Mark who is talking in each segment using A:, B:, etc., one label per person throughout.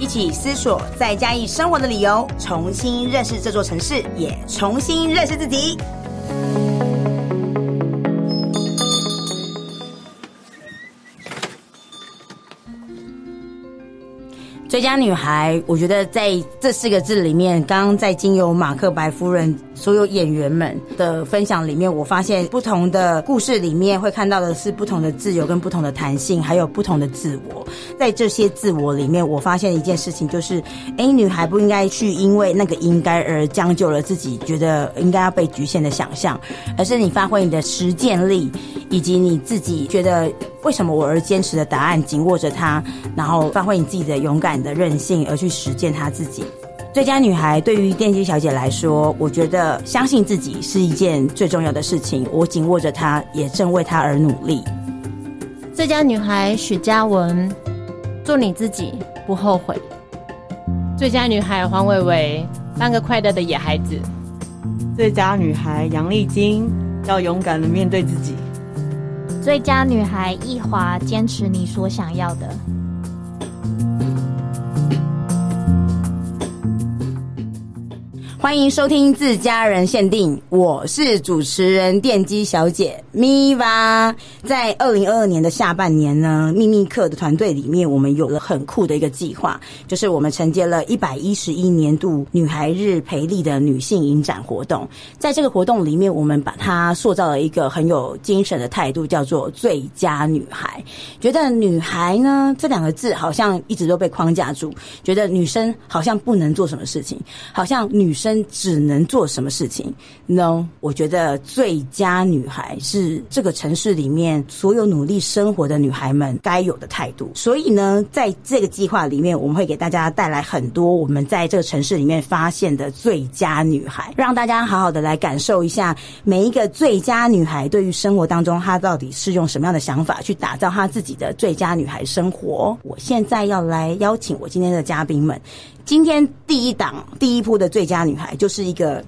A: 一起思索，在嘉義生活的理由，重新認識這座城市，也重新認識自己。最嘉女孩，我覺得在這四個字裡面，剛剛在經由馬克白夫人。所有演員們的分享裡面，我發現不同的故事裡面會看到的是不同的自由跟不同的彈性，還有不同的自我。在這些自我裡面，我發現一件事情，就是：哎，女孩不應該去因為那個應該而將就了自己，覺得應該要被局限的想象，而是你發揮你的實踐力，以及你自己覺得為什麼我而堅持的答案，緊握着它，然後發揮你自己的勇敢的任性，而去實踐他自己。最嘉女孩對於電機小姐來說，我覺得相信自己是一件最重要的事情。我緊握着她，也正為她而努力。
B: 最嘉女孩許䕒文，做你自己，不後悔。
C: 最嘉女孩黃韋維，
D: 當個快樂的野孩子。最嘉女孩楊麗菁，要勇敢的面對自己。最嘉女孩懿嬅，堅持你所想要的。
A: 歡迎收聽自嘉人限定，我是主持人電機小姐咪哇。在二零二二年的下半年呢，秘密客的團隊裡面，我們有了很酷的一個計劃，就是我們承接了一百一十一年度女孩日培力的女性影展活動。在這個活動裡面，我們把它塑造了一個很有精神的態度，叫做“最嘉女孩”。覺得“女孩”呢，這兩個字好像一直都被框架住，覺得女生好像不能做什麼事情，好像女生，只能做什麼事情？No，我覺得最嘉女孩是這個城市裡面所有努力生活的女孩們該有的態度。所以呢，在這個計劃裡面，我們會給大家帶來很多我們在這個城市裡面發現的最嘉女孩，讓大家好好的來感受一下每一個最嘉女孩對於生活當中她到底是用什麼樣的想法去打造她自己的最嘉女孩生活。我現在要來邀請我今天的嘉賓們。今天第一檔第一波的最嘉女孩就是一個，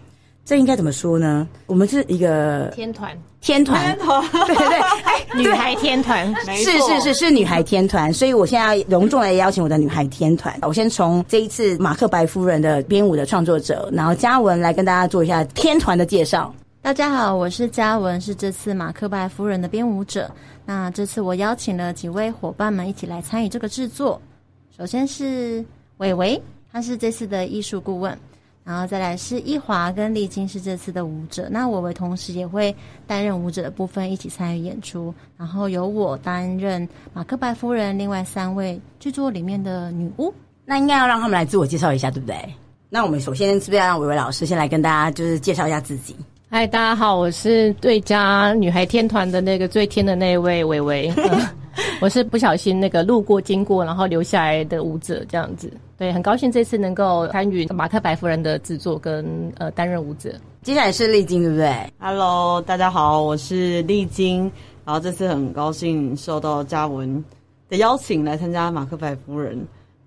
A: 這應該怎麼說呢？我們是一個
C: 天團，天團，天團 對對、哎、對，女孩天團， 是是是是女
A: 孩天團。所以我現在隆重來邀請我的女孩天團。我先從這一次馬克白夫人的編舞的創作者，然後䕒文來跟大家做一下天團的介紹。
B: 大家好，我是䕒文，是這次馬克白夫人的編舞者。那這次我邀請了幾位夥伴們一起來參與這個制作。首先是韋維。他是這次的藝術顧問，然後再來是懿嬅跟麗菁，是這次的舞者。那韋維同時也會擔任舞者的部分，一起參與演出。然後由我擔任馬克白夫人，另外三位劇作裡面的女巫。
A: 那應該要讓他們來自我介紹一下，對不對？那我們首先
C: 是不是要讓韋維老師先來跟大家就是介紹一下自己？嗨，大家好，我是最嘉女孩天團的那個最天的那一位韋維。呃、 我是不小心那個路過經過，然後留下來的舞者這樣子。對，很高興這次能夠參與《馬克白夫人》的制作跟，跟呃擔任舞者。
E: 接下來是麗菁，對不對？哈嘍，Hello, 大家好，我是麗菁。然後這次很高興受到䕒文的邀請來參加《馬克白夫人》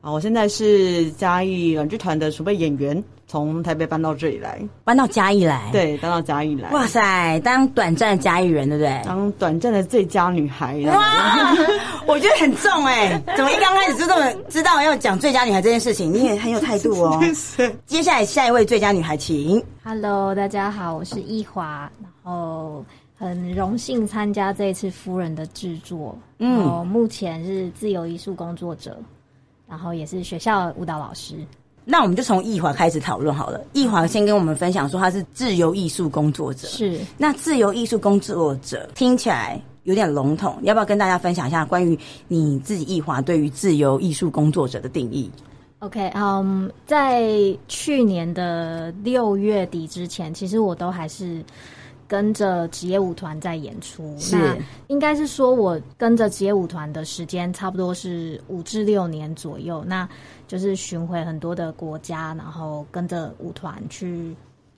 E: 啊，我現在是嘉義阮劇團的儲備演員。從台北搬到這裡來，
A: 搬到嘉義來，
E: 對，搬到嘉義來。哇
A: 塞，當短暫的嘉義人，對不對？嗯、當短暫的最嘉女孩，哇， 我覺得很重哎、欸。怎麼一剛開始就這麼知道要講最嘉女孩這件事情？你也很有態度哦、喔。接下來下一位最嘉女孩，請。
D: Hello，大家好，我是懿嬅、嗯，然後很榮幸參加這一次夫人的制作。嗯，目前是自由藝術工作者，然後也是學校舞蹈老師。
A: 那我們就從懿嬅開始討論好了。懿嬅先跟我們分享說，他是自由藝術工作者。是。
D: 那自由藝術工作
A: 者聽起來有點籠統，要不要跟大家分享一下關於你自己懿嬅對於自由藝術工作者的定義
D: ？OK，嗯，um，在去年的六月底之前，其實我都還是。跟着職業舞團在演出，那應該是說，我跟着職業舞團的時間差不多是五至六年左右。那就是巡迴很多的國家，然後跟着舞團去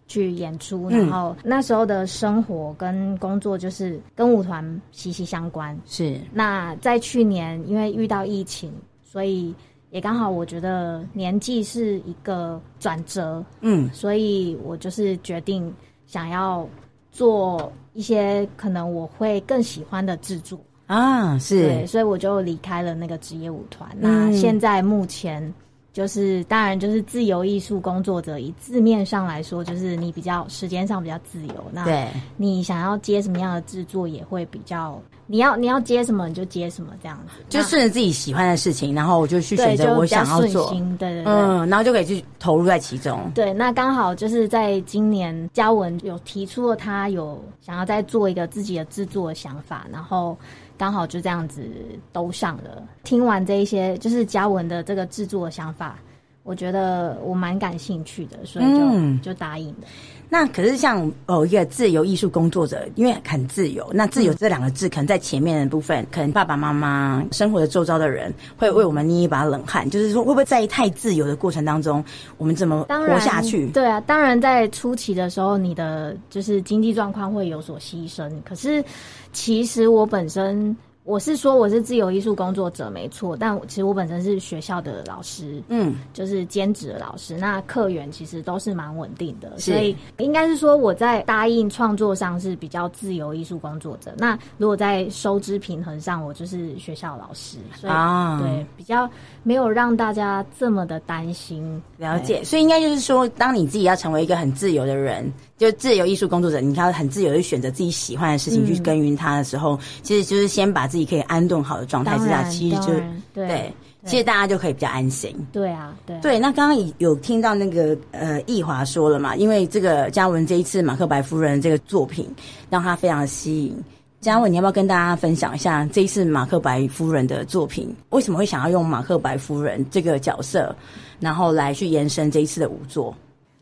D: 去演出。然後那時候的生活跟工作就是跟舞團息息相關。是。那在去年，因為遇到疫情，所以也剛好我覺得年紀是一個轉折。嗯，所以我就是決定想要。做一些可能我會更喜歡的制作
A: 啊，是對，所以
D: 我就離開了那個職業舞團，嗯。那現在目前就是，當然就是自由藝術工作者，以字面上來說，就是你比較時間上比較自由，對，那對你想要接什麼樣的制作也會比較。你要你要接什麼你就接什麼，這樣子
A: 就順着自己喜歡的事情，然後我就去選擇我想要做。對對對，嗯，然後就可以去投入在其中。
D: 對，那剛好就是在今年，䕒文有提出了他有想要再做一個自己的製作的想法，然後剛好就這樣子都上了。聽完這一些就是䕒文的這個製作的想法，我覺得我蠻感興趣的，所以就、嗯、就答應了。
A: 那可是像哦，一個自由藝術工作者，因為很自由。那自由這兩個字，可能在前面的部分，嗯、可能爸爸媽媽生活的周遭的人會為我們捏一把冷汗，就是說會不會在意太自由的過程當中，我們怎麼活下去？對
D: 啊，當然在初期的時候，你的就是經濟狀況會有所犧牲。可是其實我本身。我是說，我是自由藝術工作者，沒錯。但其實我本身是學校的老師，嗯，就是兼職的老師。那客源其實都是蠻穩定的，所以應該是說我在答應創作上是比較自由藝術工作者。那如果在收支平衡上，我就是學校老師，所以、哦、對比較沒有讓大家這麼的擔心。了解，所以應該就是說，當你
A: 自己要成為一個很自由的人，就自由藝術工作者，你要很自由地選擇自己喜歡的事情、嗯、去耕耘它的時候，其實就是先把自己可以安頓好的狀態之下，其實就對,對,對，其實大家就可以比較安心。
D: 對啊，對
A: 對,對。那剛剛有聽到那個呃懿嬅說了嘛，因為這個䕒文這一次《馬克白夫人》這個作品讓她非常的吸引。䕒文，你要不要跟大家分享一下這一次《馬克白夫人》的作品，為什麼會想要用《馬克白夫人》這個角色，然後來去延伸這一次的舞作？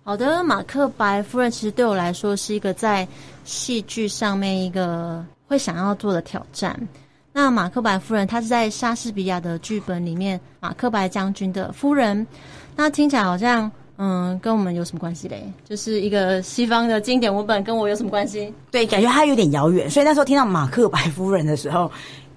B: 好的，馬克白夫人其實對我來說是一個在戲劇上面一個會想要做的挑戰。那馬克白夫人，她是在莎士比亞的劇本裡面，馬克白將軍的夫人。那聽起來好像，嗯，跟我們有什麼關係嘞？就是一個西方的經典文本，跟我有什麼關係？對，
A: 感覺她有點遙遠。所以那時候聽到馬克白夫人的時候。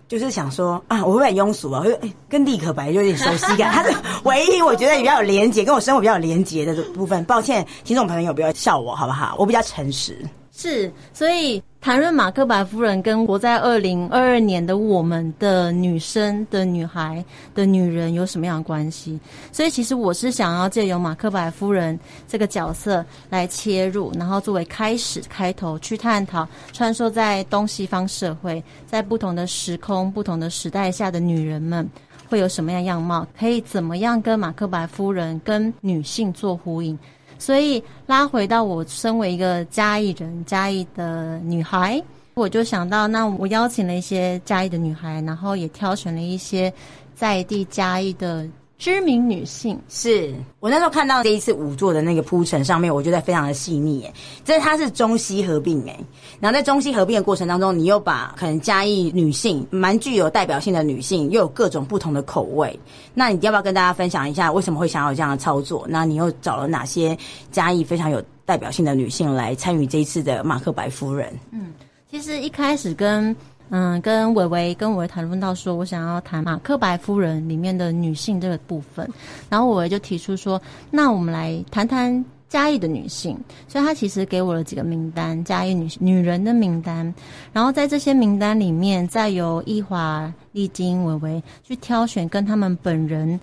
A: 就是想說啊，我會不會很庸俗啊，會跟立可白就有點熟悉感。他是唯一我覺得比較有連結，跟我生活比較有連結的部分。抱歉，聽眾朋友，不要笑我好不好？我比較誠實。
B: 是，所以談論馬克白夫人跟活在二零二二年的我們的女生、的女孩、的女人有什麼樣的關係？所以其實我是想要借由馬克白夫人這個角色來切入，然後作為開始、開頭去探討穿梭在東西方社會、在不同的時空、不同的時代下的女人們會有什麼樣樣貌，可以怎麼樣跟馬克白夫人跟女性做呼應。所以拉回到我身為一個嘉義人，嘉義的女孩，我就想到，那我邀請了一些嘉義的女孩，然後也挑選了一些在地嘉義的。知名女性。是
A: 我那時候看到這一次舞作的那個鋪陳上面，我覺得非常的細膩誒。這它是，是中西合併誒，然後在中西合併的過程當中，你又把可能嘉義女性蠻具有代表性的女性，又有各種不同的口味。那你要不要跟大家分享一下，為什麼會想要有這樣的操作？那你又找了哪些嘉義非常有代表性的女性來參與這一次的馬克白夫人？嗯，
B: 其實一開始跟嗯，跟韋維跟韋維談論到說，我想要談《馬克白夫人》裡面的女性這個部分，然後韋維就提出說，那我們來談談嘉義的女性，所以他其實給我了幾個名單，嘉義女女人的名單，然後在這些名單裡面，再由懿嬅、麗菁、韋維去挑選跟他們本人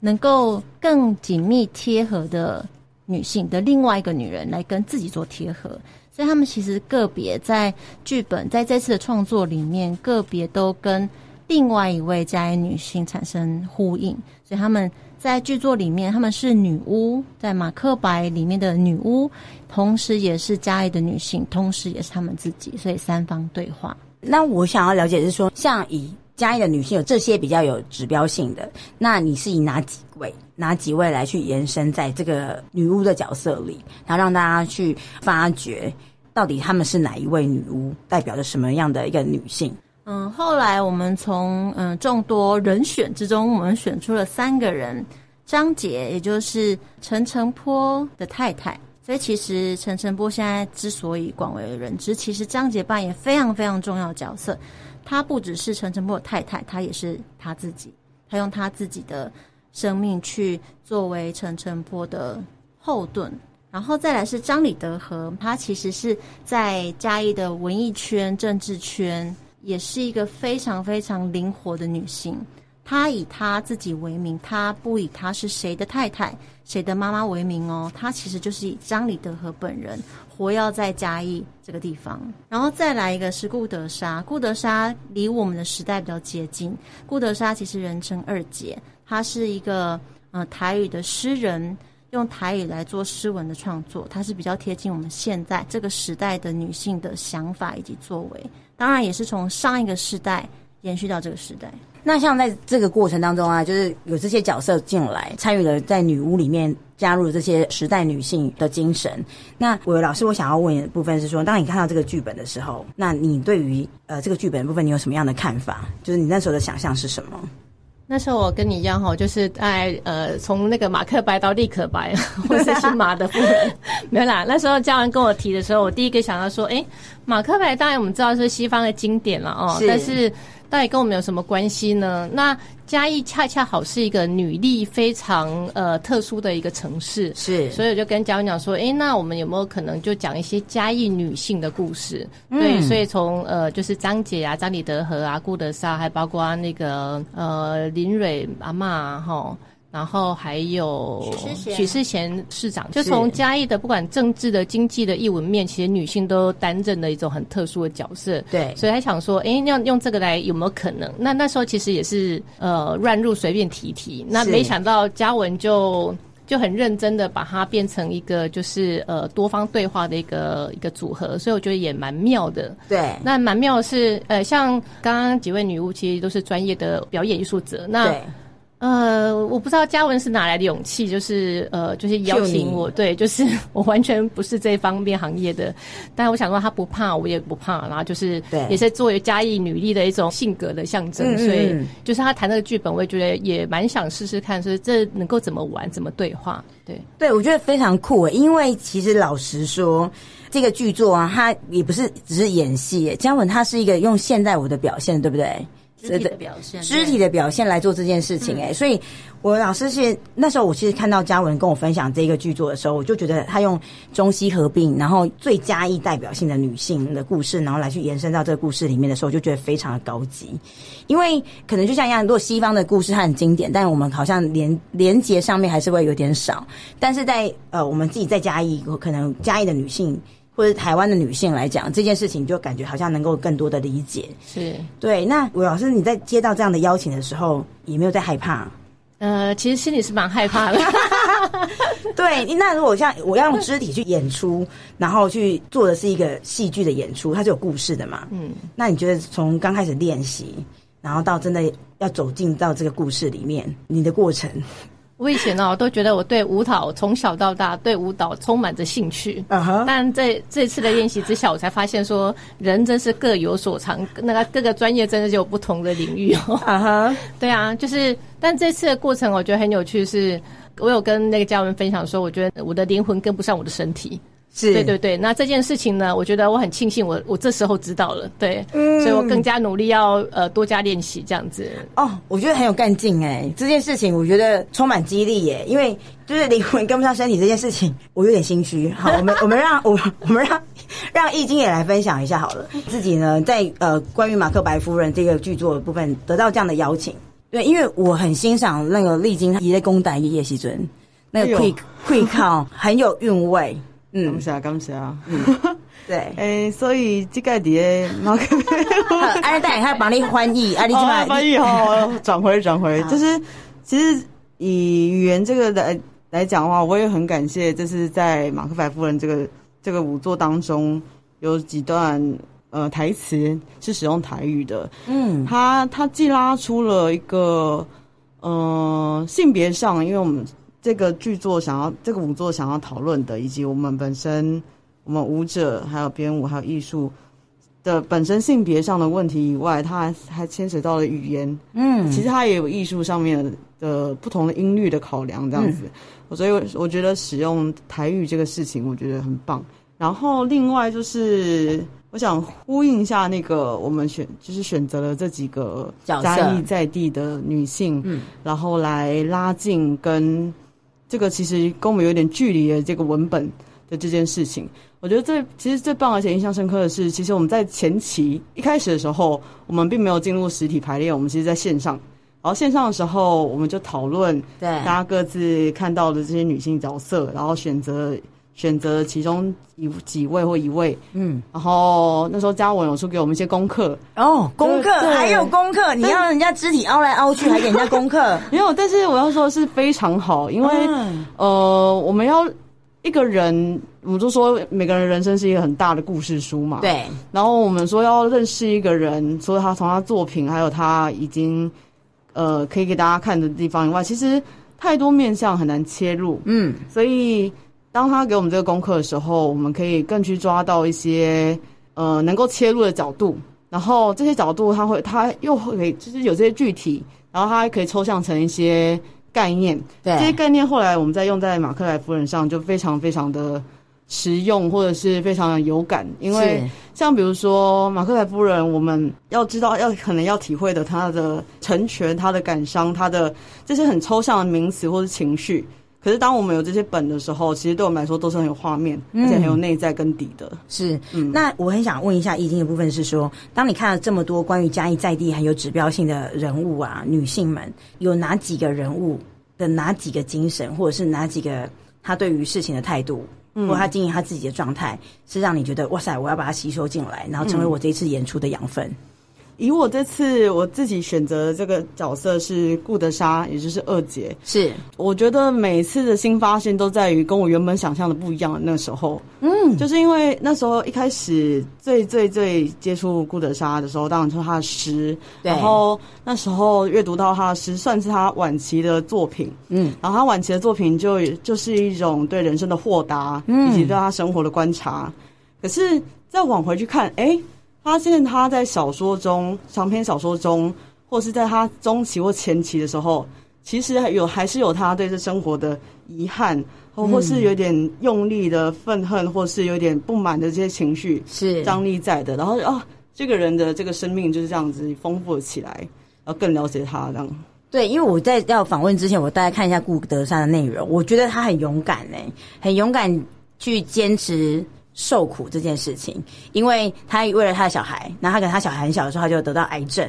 B: 能夠更緊密貼合的女性的另外一個女人來跟自己做貼合。所以他們其實個別在劇本，在這次的創作裡面，個別都跟另外一位嘉義女性產生呼應。所以他們在劇作裡面，他們是女巫，在《馬克白》裡面的女巫，同時也是嘉義的女性，同時也是他們自己。所以三方對話。
A: 那我想要了解是說，像以嘉義的女性有這些比較有指標性的，那你是以哪幾位？哪幾位來去延伸在這個女巫的角色裡，然後讓大家去發掘到底她們是哪一位女巫，代表着什麼樣的一個女性？
B: 嗯，後來我們從嗯眾多人選之中，我們選出了三個人：張捷，也就是陳澄波的太太。所以其實陳澄波現在之所以廣為人知，其實張捷扮演非常非常重要的角色。她不只是陳澄波的太太，她也是她自己，她用她自己的。生命去作為陳澄波的後盾，然後再來是張李德和，她其實是在嘉義的文藝圈、政治圈，也是一個非常非常靈活的女性。她以她自己為名，她不以她是誰的太太、誰的媽媽為名哦、喔，她其實就是以張李德和本人活躍在嘉義這個地方。然後再來一個是顧德莎，顧德莎離我們的時代比較接近，顧德莎其實人稱二姐。她是一個呃，台語的詩人，用台語來做詩文的創作，她是比較貼近我們現在這個時代的女性的想法以及作為，當然也是從上一個時代延續到這個時代。
A: 那像在這個過程當中啊，就是有這些角色進來參與了，在女巫裡面加入這些時代女性的精神。那韋維老師，我想要問你的部分是說，當你看到這個劇本的時候，那你對於呃這個劇本的部分，你有什麼樣的看法？就是你那時候的想象是什麼？
C: 那時候我跟你一樣哈，就是愛呃，從那個馬克白到立可白，或者是馬德夫人，沒有啦。那時候䕒文跟我提的時候，我第一個想到說，哎、欸，馬克白，當然我們知道是，是西方的經典了哦、喔，但是到底跟我們有什麼關係呢？那。嘉義恰恰好是一個女力非常呃特殊的一個城市，是，所以我就跟䕒文講說，誒、欸、那我們有沒有可能就講一些嘉義女性的故事？嗯、對，所以從呃就是張捷啊、張李德和啊、顧德莎，還包括那個呃林蕊阿嬤哈、啊。然後還有許世賢市長，就從嘉義的不管政治的、經濟的、藝文面，其實女性都擔任的一種很特殊的角色。對，所以她想說，哎、欸，要用這個來有沒有可能？那那時候其實也是呃，亂入隨便提提。那沒想到嘉文就就很認真的把它變成一個就是呃多方對話的一個一個組合，所以我覺得也蠻妙的。對，那蠻的，那蠻妙是呃，像剛剛幾位女巫其實都是專業的表演藝術者。那呃，我不知道䕒文是哪來的勇氣，就是呃，就是邀請我，對，就是我完全不是這方面行業的，但是我想說他不怕，我也不怕，然後就是也是作為嘉義女力的一種性格的象徵，所以就是他談那個劇本，我也覺得也蠻想試試看，所以這能夠怎麼玩，怎麼對話，對，
A: 對我覺得非常酷，因為其實老實說，這個劇作啊，它也不是只是演戲，䕒文他是一個用現代舞的表現，對不對？肢體的表現，肢體的表現來做這件事情哎、欸嗯，所以，我老師是那時候，我其實看到䕒文跟我分享這個劇作的時候，我就覺得他用中西合璧，然後最嘉義代表性的女性的故事，然後來去延伸到這個故事裡面的時候，我就覺得非常的高級，因為可能就像一樣，如果西方的故事它很經典，但我們好像連連接上面還是會有點少，但是在呃，我們自己在嘉義，可能嘉義的女性。或者台灣的女性來講這件事情，就感覺好像能夠更多的理解。是對。那韋老師，你在接到這樣的邀請的時候，也沒有在害怕？
C: 呃，其實心裡是蠻害怕的。 對，那如果像我要
A: 用肢體去演出，然後去做的是一個戲劇的演出，它是有故事的嘛？嗯。那你覺得從剛開始練習，然後到真的要走進到這個故事裡面，你的過程？
C: 我以前呢，我都覺得我對舞蹈從小到大對舞蹈充滿着興趣。啊哈。但在這次的練習之下，我才發現說，人真是各有所長，那個各個專業真的是有不同的領域哦。啊哈。對啊，就是，但這次的過程我覺得很有趣是，是我有跟那個䕒文分享說，我覺得我的靈魂跟不上我的身體。是對對對，那這件事情呢，我覺得我很慶幸我，我我這時候知道了，對，嗯、所以我更加努力要呃多加練習這樣子。哦，
A: 我覺得很有幹勁誒、欸、這件事情我覺得充滿激勵耶、欸，因為就是靈魂跟不上身體這件事情，我有點心虛。好，我們我們讓 我我們讓我我們讓，讓麗菁也來分享一下好了，自己呢在呃關於馬克白夫人這個劇作的部分得到這樣的邀請，對，因為我很欣賞那個麗菁，他在攻打夜襲尊那個窺窺、哎、靠很有韻
E: 味。 嗯感謝，感謝啊、嗯！對，誒、欸，所以這個的，我，
A: 阿麗還他把那個翻譯，阿麗怎麼翻譯好？
E: 轉、 啊啊、 回，轉回，就是其實以語言這個來來講的話，我也很感謝，就是在馬克白夫人這個這個舞作當中，有幾段呃台詞是使用台語的。嗯，他他既拉出了一個嗯、呃、性別上，因為我們。這個劇作想要，這個舞作想要討論的，以及我們本身，我們舞者還有編舞還有藝術的本身性別上的問題以外，它還牽涉到了語言，嗯，其實它也有藝術上面的、呃、不同的音律的考量這樣子、嗯。所以我覺得使用台語這個事情，我覺得很棒。然後另外就是，我想呼應一下那個我們選，就是選擇了這幾個嘉義在地的女性，嗯，然後來拉近跟這個其實跟我們有點距離的這個文本的這件事情，我覺得最其實最棒而且印象深刻的是，其實我們在前期一開始的時候，我們並沒有進入實體排練，我們其實在線上，然後線上的時候我們就討論，對大家各自看到的這些女性角色，然後選擇。選擇其中一幾，幾位或一位，嗯，然後那時候䕒文有說給我們一些功課，哦，就是、功課還有功課，你要人家肢體凹來凹去， 還給人家功課，沒有，但是我要說的是非常好，因為、嗯、呃，我們要一個人，我們就說每個人人生是一個很大的故事書嘛，對，然後我們說要認識一個人，除了他從他作品還有他已經呃可以給大家看的地方以外，其實太多面相很難切入，嗯，所以。當他給我們這個功課的時候，我們可以更去抓到一些呃能夠切入的角度，然後這些角度他會他又會可以就是有這些具體，然後他還可以抽象成一些概念。對這些概念，後來我們再用在馬克白夫人上，就非常非常的實用或者是非常的有感。因為像比如說馬克白夫人，我們要知道要可能要體會的他的成全、他的感傷、他的這些很抽象的名詞或是情緒。可是，當我們有這些本的時候，其實對我們來說都是很有畫面、嗯，而且很有內在跟底的。
A: 是、嗯，那我很想問一下《易經》的部分，是說，當你看了這麼多關於嘉義在地很有指標性的人物啊，女性們有哪幾個人物的哪幾個精神，或者是哪幾個他對於事情的態度，或者他經營他自己的狀態、嗯，是讓你覺得哇塞，我要把它吸收進來，然後成為我這一次演出的養分。嗯
E: 以，我這次我自己選擇的這個角色是顧德莎，也就是二姐。是，我覺得每次的新發現都在於跟我原本想象的不一樣。那時候，嗯，就是因為那時候一開始最最最接觸顧德莎的時候，當然說她的詩，對，然後那時候閱讀到她的詩，算是她晚期的作品，嗯，然後她晚期的作品就就是一種對人生的豁達，以及對她生活的觀察。嗯、可是再往回去看，哎、欸。發現他在小說中，長篇小說中，或是在他中期或前期的時候，其實有還是有他對這生活的遺憾，或是有點用力的憤恨，或是有點不滿的這些情緒是張力在的。然後啊、哦，這個人的這個生命就是這樣子豐富了起來，然後更了解他這樣。
A: 對，因為我在要訪問之前，我大概看一下顧德莎的內容，我覺得他很勇敢嘞，很勇敢去堅持。受苦這件事情，因為他為了他的小孩，然後他跟他小孩很小的時候，他就得到癌症，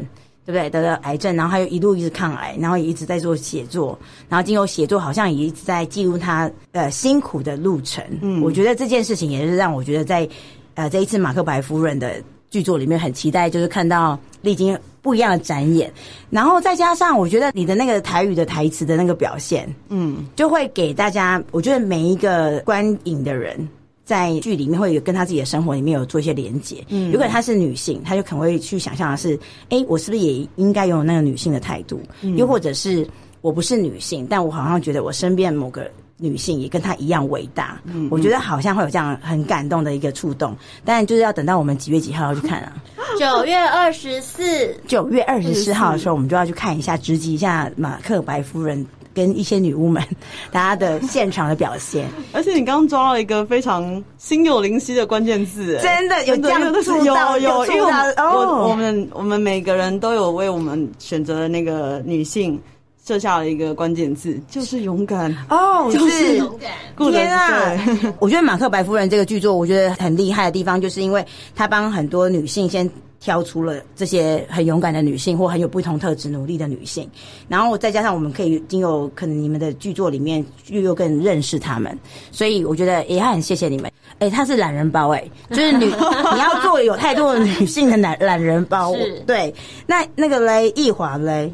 A: 對不對？得了癌症，然後他就一路一直抗癌，然後也一直在做寫作，然後經過寫作，好像也一直在記錄他呃辛苦的路程。嗯，我覺得這件事情也是讓我覺得在呃這一次馬克白夫人的劇作裡面很期待，就是看到歷經不一樣的展演，然後再加上我覺得你的那個台語的台詞的那個表現，嗯，就會給大家，我覺得每一個觀影的人。在劇裡面會有跟他自己的生活裡面有做一些連結。嗯，如果她是女性，她就可能會去想象的是，哎、欸，我是不是也應該擁有那個女性的態度？嗯，又或者是我不是女性，但我好像覺得我身邊某個女性也跟她一樣偉大。嗯，我覺得好像會有這樣很感動的一個觸動，嗯。但就是要等到我們幾月幾號要去看啊？
B: 九 月二十四，
A: 九月二十四號的時候，我們就要去看一下，直擊一下《馬克白夫人》。跟一些女巫們，大家的現場的表現，
E: 而且你剛剛抓了一個非常心有靈犀的關鍵字、欸。真的有這樣的都是有，有，有，有因為我們有因為我們我們，我們每個人都有為我們選擇的那個女性設下了一個關鍵字，就是勇敢，
A: 哦、oh, 就是，
E: 就是勇敢，天啊！ 我覺
A: 得《馬克白夫人》這個劇作，我覺得很厲害的地方，就是因為他幫很多女性先。挑出了這些很勇敢的女性，或很有不同特質、努力的女性，然後再加上我們可以，經由可能你們的劇作裡面又又更認識他們，所以我覺得也很謝謝你們。哎，她是懶人包哎、欸，就是女 你要做有太多的女性的懶懶人包， 對。那那個嘞，懿嬅嘞，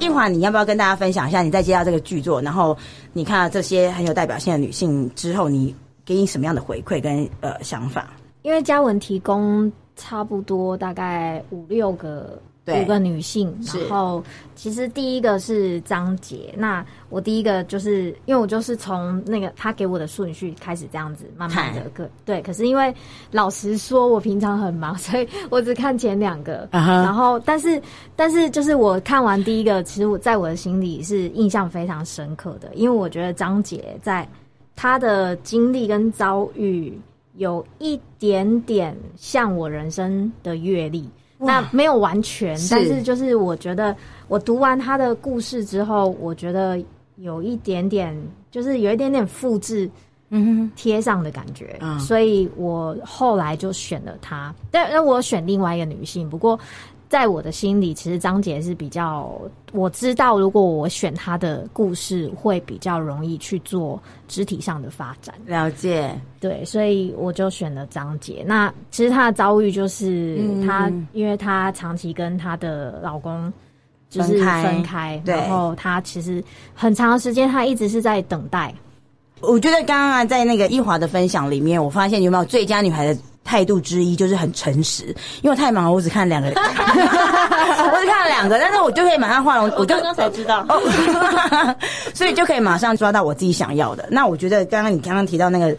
A: 懿、呃、嬅，你要不要跟大家分享一下？你在接到這個劇作，然後你看到這些很有代表性的女性之後你，你給你什麼樣的回饋跟呃想法？
D: 因為䕒文提供。差不多大概五六個，對五個女性，然後其實第一個是張捷，那我第一個就是因為我就是從那個他給我的順序開始這樣子慢慢的對，可是因為老實說，我平常很忙，所以我只看前兩個。啊、然後但是但是就是我看完第一個，其實我在我的心裡是印象非常深刻的，因為我覺得張捷在他的經歷跟遭遇，有一點點像我人生的閱歷，那沒有完全，但是就是我覺得我讀完他的故事之後，我覺得有一點點，就是有一點點複制，嗯，貼上的感覺、嗯，所以我後來就選了他，但、嗯、但我選另外一個女性，不過。在我的心裡，其實張捷是比較我知道。如果我選他的故事，會比較容易去做肢體上的發展。了解，對，所以我就選了張捷。那其實他的遭遇就是、嗯、他，因為他長期跟他的老公就是分開，分開，然後他其實很長時間他一直是在等待。我覺得剛剛、啊、在那個懿
A: 嬅的分享裡面，我發現有沒有最嘉女孩的？態度之一就是很誠實，因為我太忙了，我只看了兩個，
B: 我只看了兩
A: 個，但是我就可以馬上畫龍。我剛剛才知道，哦， 所以就可以馬上抓到我自己想要的。那我覺得剛剛你剛剛提到那個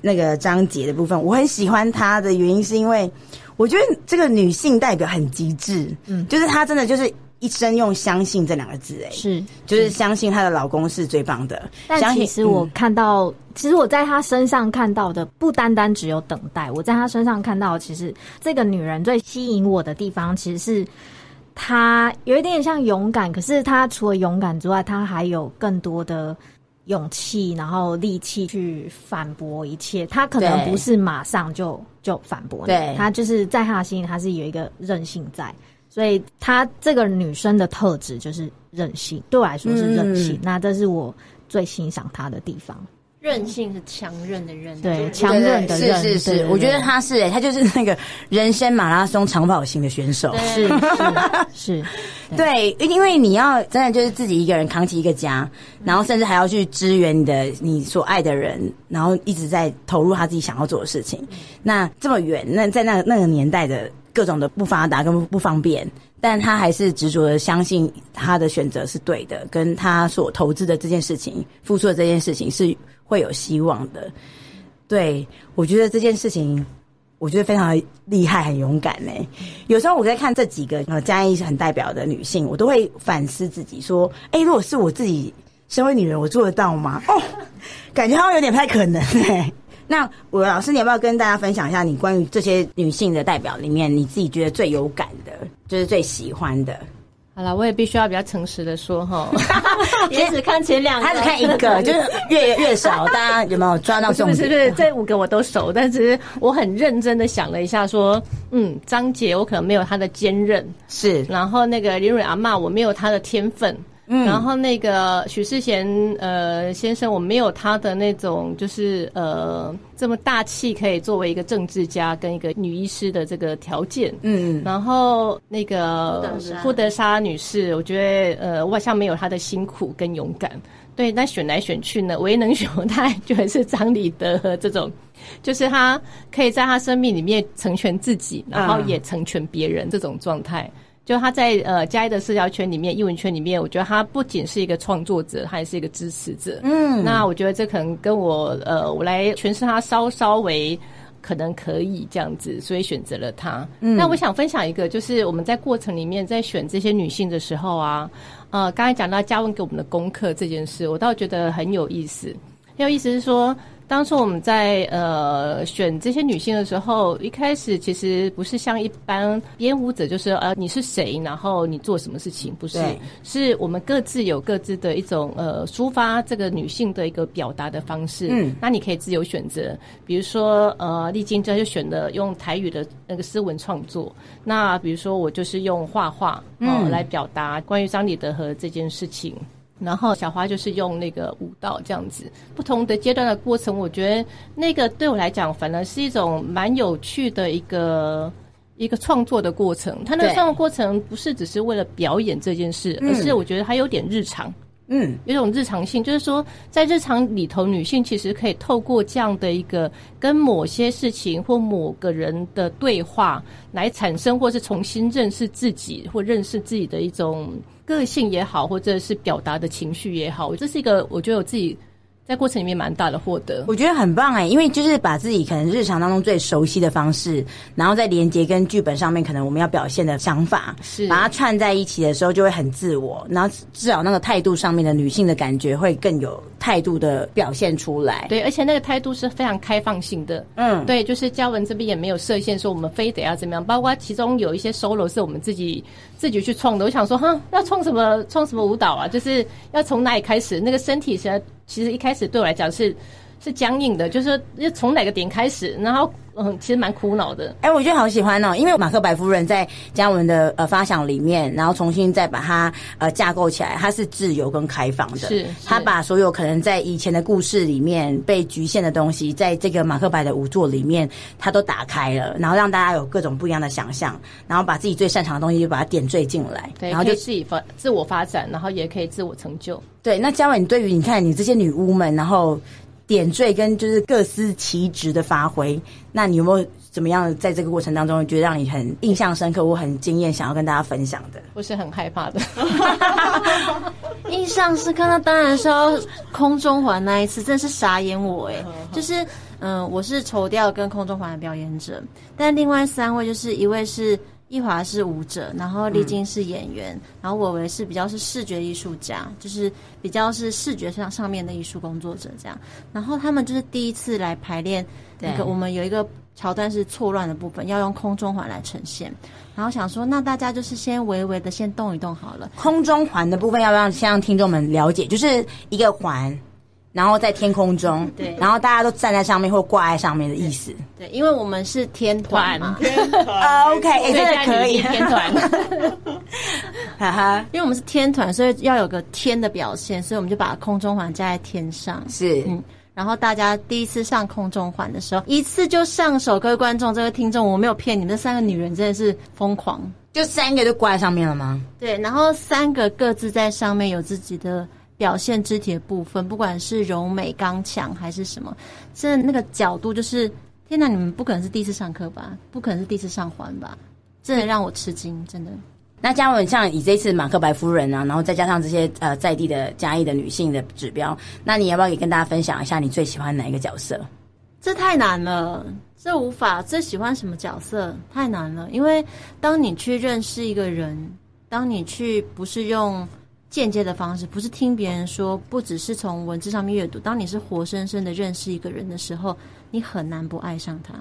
A: 那個張捷的部分，我很喜歡她的原因是因為我覺得這個女性代表很極致，嗯，就是她真的就是。一生用“相信”這兩個字，欸，哎，是，就是相信她的老公是最棒的。
D: 但其實我看到，嗯、其實我在她身上看到的不單單只有等待。我在她身上看到，其實這個女人最吸引我的地方，其實是她有一點像勇敢。可是她除了勇敢之外，她還有更多的勇氣，然後力氣去反駁一切。她可能不是馬上就就反駁，對，她就是在她心裡，她是有一個韌性在。所以她這個女生的特質就是任性，對我來說是任性。嗯、那這是我最欣賞她的地方。
B: 任性是強韌的，的韌，對，強韌的韌。是是是，對對對，是是是，對對對，我覺得她
A: 是、欸，她就是那個人生馬拉松長跑型的選手。是是 是，是，是對，對，因為你要真的就是自己一個人扛起一個家，然後甚至還要去支援你的你所愛的人，然後一直在投入他自己想要做的事情。那這麼遠，那在那那個年代的。各種的不發達跟不方便，但他還是執着的相信他的選擇是對的，跟他所投資的這件事情，付出的這件事情是會有希望的。對，我覺得這件事情，我覺得非常厲害，很勇敢耶。有時候我在看這幾個呃，嘉義很代表的女性，我都會反思自己說，哎、欸，如果是我自己身為女人，我做得到嗎？哦，感覺好像有點不太可能。那五位老師，你要不要跟大家分享一下你關於這些女性的代表裡面，你自己覺得最有感的，就是最喜歡的？
C: 好了，我也必須要比較誠實的說哈， 也只看前兩個，他只看一個， 就是越 越少。大家有沒有抓到重點？是不是，是不是，這五個我都熟，但只是我很認真的想了一下說，說嗯，張捷我可能沒有他的堅韌，是，然後那個林蕊阿嬤我沒有她的天分。嗯，然後那個許世賢呃先生，我沒有他的那種，就是呃這麼大氣，可以作為一個政治家跟一個女醫師的這個條件。嗯，然後那個顧德莎女士，我覺得呃我好像沒有她的辛苦跟勇敢。對，但選來選去呢，唯一能選的，當然就還是張李得和這種，就是他可以在他生命裡面成全自己，然後也成全別人、啊、這種狀態。就他在呃嘉義的社交圈裡面，藝文圈裡面，我覺得他不僅是一個創作者，還也是一個支持者。嗯，那我覺得這可能跟我呃，我來詮釋他稍稍微可能可以這樣子，所以選擇了他。嗯，那我想分享一個，就是我們在過程裡面在選這些女性的時候啊，呃，剛才講到䕒文給我們的功課這件事，我倒覺得很有意思。很有意思是說，當初我們在呃選這些女性的時候，一開始其實不是像一般編舞者就說，就是呃你是誰，然後你做什麼事情，不是，是我們各自有各自的一種呃抒發這個女性的一個表達的方式。嗯，那你可以自由選擇，比如說呃麗菁就選了用台語的那個詩文創作，那比如說我就是用畫畫、呃、嗯，來表達關於張李得和這件事情。然後小花就是用那個舞蹈這樣子，不同的階段的過程，我覺得那個對我來講，反而是一種蠻有趣的一個一個創作的過程。他那個創作過程不是只是為了表演這件事，而是我覺得還有點日常。嗯嗯，有一種日常性，就是說，在日常裡頭，女性其實可以透過這樣的一個跟某些事情或某個人的對話，來產生或是重新認識自己，或認識自己的一種個性也好，或者是表達的情緒也好。這是一個，我覺得我自己。在過程裡面蠻大的獲得，我覺得很棒哎、欸，因
A: 為就是把自己可能日常當中最熟悉的方式，然後在連結跟劇本上面，可能我們要表現的想法，是把它串在一起的時候，就會很自我。然後至少那個態度上面的女性的感覺會更有態度的表現出來。
C: 對，而且那個態度是非常開放性的。嗯，對，就是䕒文這邊也沒有設限說我們非得要怎麼樣，包括其中有一些 solo 是我們自己自己去創的。我想說，哈，要創什麼？創什麼舞蹈啊？就是要從哪裡開始？那個身體實在。其實一開始對我來講是。僵硬的，就是說要從哪個點開始？然後，嗯，其實蠻苦惱的。
A: 哎、欸，我覺得好喜歡哦、喔，因為馬克白夫人在䕒文的呃發想裡面，然後重新再把它呃架構起來。它是自由跟開放的是，是。他把所有可能在以前的故事裡面被局限的東西，在這個馬克白的舞作裡面，他都打開了，然後讓大家有各種不一樣的想象，然後把自己最擅長的東西就把它點綴進來，對，然後就以自
C: 己發自我發展，然後也可以自我成就。
A: 對，那䕒文對於你看你這些女巫們，然後。點綴跟就是各司其職的發揮，那你有沒有怎麼樣在這個過程當中，覺得讓你很印象深刻，我很驚艷，想要跟大家分享的？
B: 我是很害怕的 印象深刻那當然是要空中環那一次，真的是傻眼我誒、欸、就是嗯、呃，我是綢吊跟空中環的表演者，但另外三位就是一位是。懿嬅是舞者，然後麗菁是演員，嗯、然後韋維是比較是視覺藝術家，就是比較是視覺上上面的藝術工作者這樣。然後他們就是第一次來排練，那個我們有一個橋段是錯亂的部分，要用空中環來呈現。然後想說，那大家就是先微微的先動一動好了。
A: 空中環的部分，要不要先讓聽眾們了解，就是一個環。然後在天空中，對，然後大家都站在上面或
B: 掛在上面的意思。對，對，因為我們是天團嘛。OK，這個可以。 天團。哈、uh, 哈、okay,， 因為我們是天團，所以要有個天的表現，所以我們就把空中環架在天上。是，嗯。然後大家第一次上空中環的時候，一次就上手。各位觀眾、這位、個、聽眾，我沒有騙你們，這三個女人真的是瘋狂，就三個就掛在上面了嗎？對，然後三個各自在上面有自己的。表現肢體的部分，不管是柔美、剛強還是什麼，現在那個角度就是，天哪！你們不可能是第一次上課吧？不可能是第一次上環吧？真的讓我吃驚，真的。
A: 那䕒文，像以這次馬克白夫人啊，然後再加上這些呃在地的嘉義的女性的指標，那你要不要也跟大家分享一下你最喜歡哪一個角色？
B: 這太難了，這無法最喜歡什麼角色，太難了。因為當你去認識一個人，當你去不是用。間接的方式，不是聽別人說，不只是從文字上面閱讀。當你是活生生的認識一個人的時候，你很難不愛上他，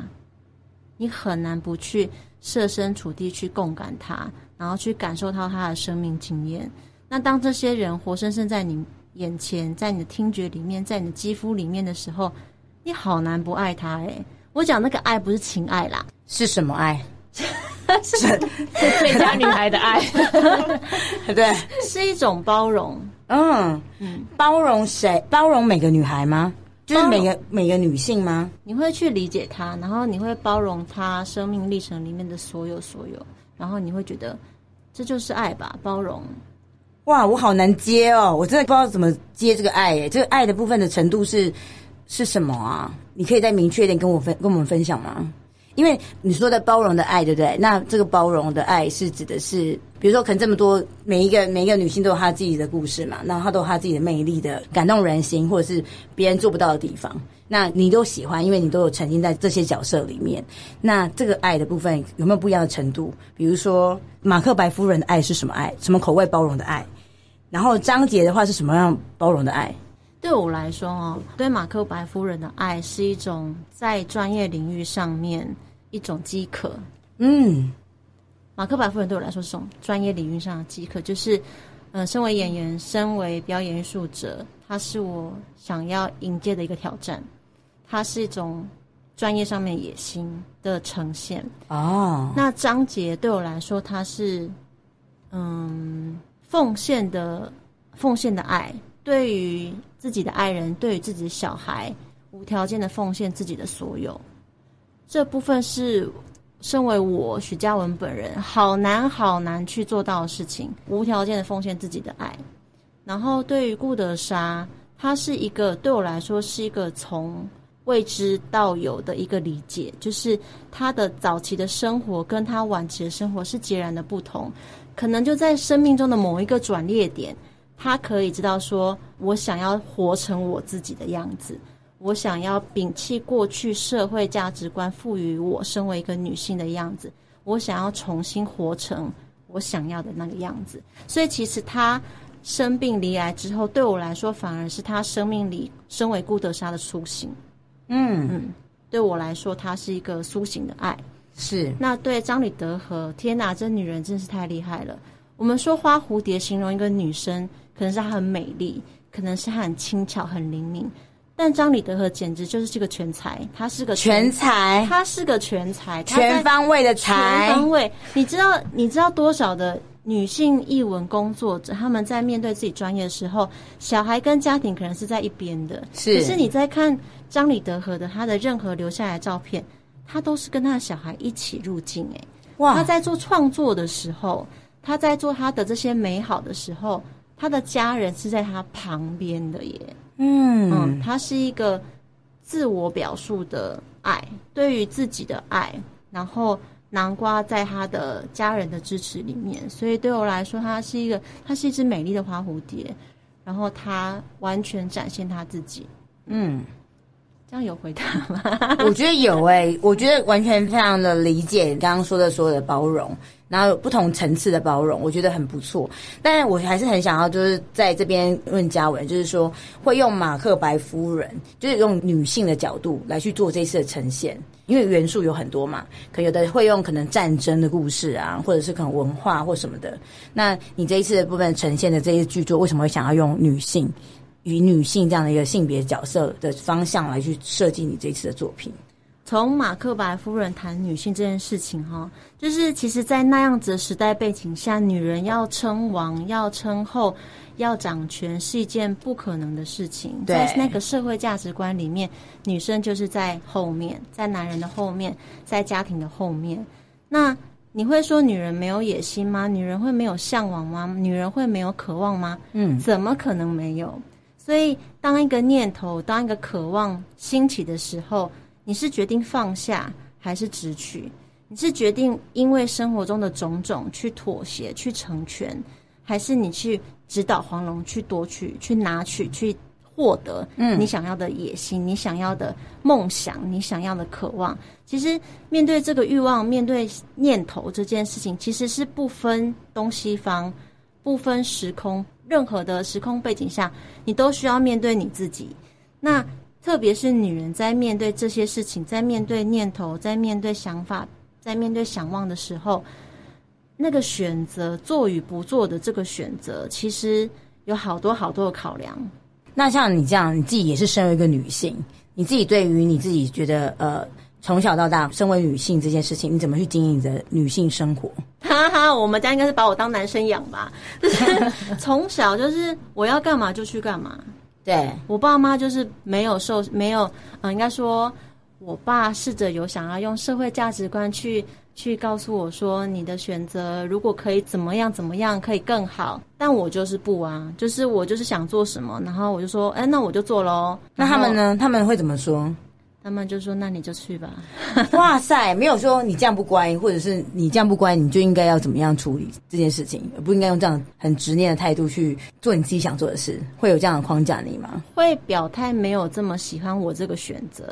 B: 你很難不去設身處地去共感他，然後去感受到他的生命經驗。那當這些人活生生在你眼前，在你的聽覺裡面，在你的肌膚裡面的時候，你好難不愛他哎、欸！我講那個愛不是情愛啦，
A: 是什麼愛？
B: 是，是最嘉女孩的愛， 對，是一種包容。嗯，
A: 包容誰？包容每個女孩嗎？就是每個每個女性嗎？
B: 你會去理解她，然後你會包容她生命歷程裡面的所有所有，然後你會覺得這就是愛吧？包容。
A: 哇，我好難接哦，我真的不知道怎麼接這個愛，耶，這個愛的部分的程度是是什麼啊？你可以再明確一點跟我分跟我們分享嗎？因為你說的包容的愛，對不對？那這個包容的愛是指的是，比如說可能這麼多每一個每一個女性都有她自己的故事嘛，然後她都有她自己的魅力的感動人心，或者是別人做不到的地方，那你都喜歡，因為你都有沉浸在這些角色裡面。那這個愛的部分有沒有不一樣的程度？比如說馬克白夫人的愛是什麼愛？什麼口味，包容的愛？然後張捷的話是什麼樣包容的愛？
B: 對我來說哦，對馬克白夫人的愛是一種在專業領域上面。一種飢渴，嗯，馬克白夫人對我來說是種專業領域上的飢渴，就是，呃，身為演員，身為表演藝術者，他是我想要迎接的一個挑戰，它是一種專業上面野心的呈現
A: 啊、哦。那
B: 張捷對我來說，他是，嗯，奉獻的奉獻的愛，對於自己的愛人，對於自己的小孩，無條件的奉獻自己的所有。這部分是身為我許䕒文本人，好難好難去做到的事情，無條件的奉獻自己的愛。然後對於顧德莎，他是一個對我來說是一個從未知到有的一個理解，就是他的早期的生活跟他晚期的生活是截然的不同。可能就在生命中的某一個轉捩點，他可以知道說，我想要活成我自己的樣子。我想要摒棄過去社會價值觀賦予我身為一個女性的樣子，我想要重新活成我想要的那個樣子。所以，其實她生病罹癌之後，對我來說，反而是她生命裡身為顧德莎的甦醒。嗯嗯，對我來說，她是一個甦醒的愛、嗯。是。那對張李得和，天哪，這女人真是太厲害了！我們說花蝴蝶形容一個女生，可能是她很美麗，可能是她很輕巧、很靈敏。但張李德和簡直就是這個全才，他是個全，全才，他是個全才，全方位的才全位。全方位，你知道，你知道多少的女性藝文工作者，他們在面對自己專業的時候，小孩跟家庭可能是在一邊的。是，可是你在看張李德和的他的任何留下來照片，他都是跟他的小孩一起入鏡。哎，哇！他在做創作的時候，他在做他的這些美好的時候，他的家人是在他旁邊的耶。嗯嗯，他是一個自我表述的愛，對於自己的愛。然後南瓜在他的家人的支持裡面，所以對我來說，它是一個，它是一隻美麗的花蝴蝶。然後它完全展現他自己。嗯，這樣有回答
A: 嗎？我覺得有哎、欸，我覺得完全非常的理解你剛剛說的所有的包容，然後不同層次的包容，我覺得很不錯。但我還是很想要，就是在這邊問䕒文，就是說會用《馬克白夫人》，就是用女性的角度來去做這一次的呈現。因為元素有很多嘛，可能有的會用可能戰爭的故事啊，或者是可能文化或什麼的。那你這一次的部分呈現的這些劇作，為什麼會想要用女性與女性這樣的一個性別角色的方向來去設計你這一次的作
B: 品？從《馬克白夫人》談女性這件事情，哦，哈，就是其實，在那樣子的時代背景下，女人要稱王、要稱後、要掌權，是一件不可能的事情，對。在那個社會價值觀裡面，女生就是在後面，在男人的後面，在家庭的後面。那你會說女人沒有野心嗎？女人會沒有嚮往嗎？女人會沒有渴望嗎？嗯，怎麼可能沒有？所以，當一個念頭、當一個渴望興起的時候，你是決定放下還是直取？你是決定因為生活中的種種去妥協、去成全，還是你去直搗黃龍、去奪取、去拿取、去獲得你想要的野心、嗯、你想要的夢想、你想要的渴望？其實，面對這個慾望、面對念頭這件事情，其實是不分東西方、不分時空，任何的時空背景下，你都需要面對你自己。那。特別是女人在面對這些事情，在面對念頭，在面對想法，在面對想望的時候，那個選擇做與不做的這個選擇，其實有好多好多的考量。
A: 那像你這樣，你自己也是身為一個女性，你自己對於你自己覺得，呃，從小到大身為女性這件事情，你怎麼去經營你的女性生活？
B: 哈哈，我們家應該是把我當男生養吧，就是 從小就是我要幹嘛就去幹嘛。對，我爸媽就是沒有受沒有，啊、呃，應該說，我爸試着有想要用社會價值觀去去告訴我說，你的選擇如果可以怎麼樣怎麼樣可以更好，但我就是不啊，就是我就是想做什麼，然後我就說，哎，那我就做咯。那他們呢？
A: 他們會怎麼說？
B: 他們就說：“那你就去吧。
A: ”哇塞，沒有說，你這樣不乖，或者是你這樣不乖，你就應該要怎麼樣處理這件事情，不應該用這樣很執念的態度去做你自己想做的事，會有這樣的框架你嗎？
B: 會表態沒有這麼喜歡我這個選擇，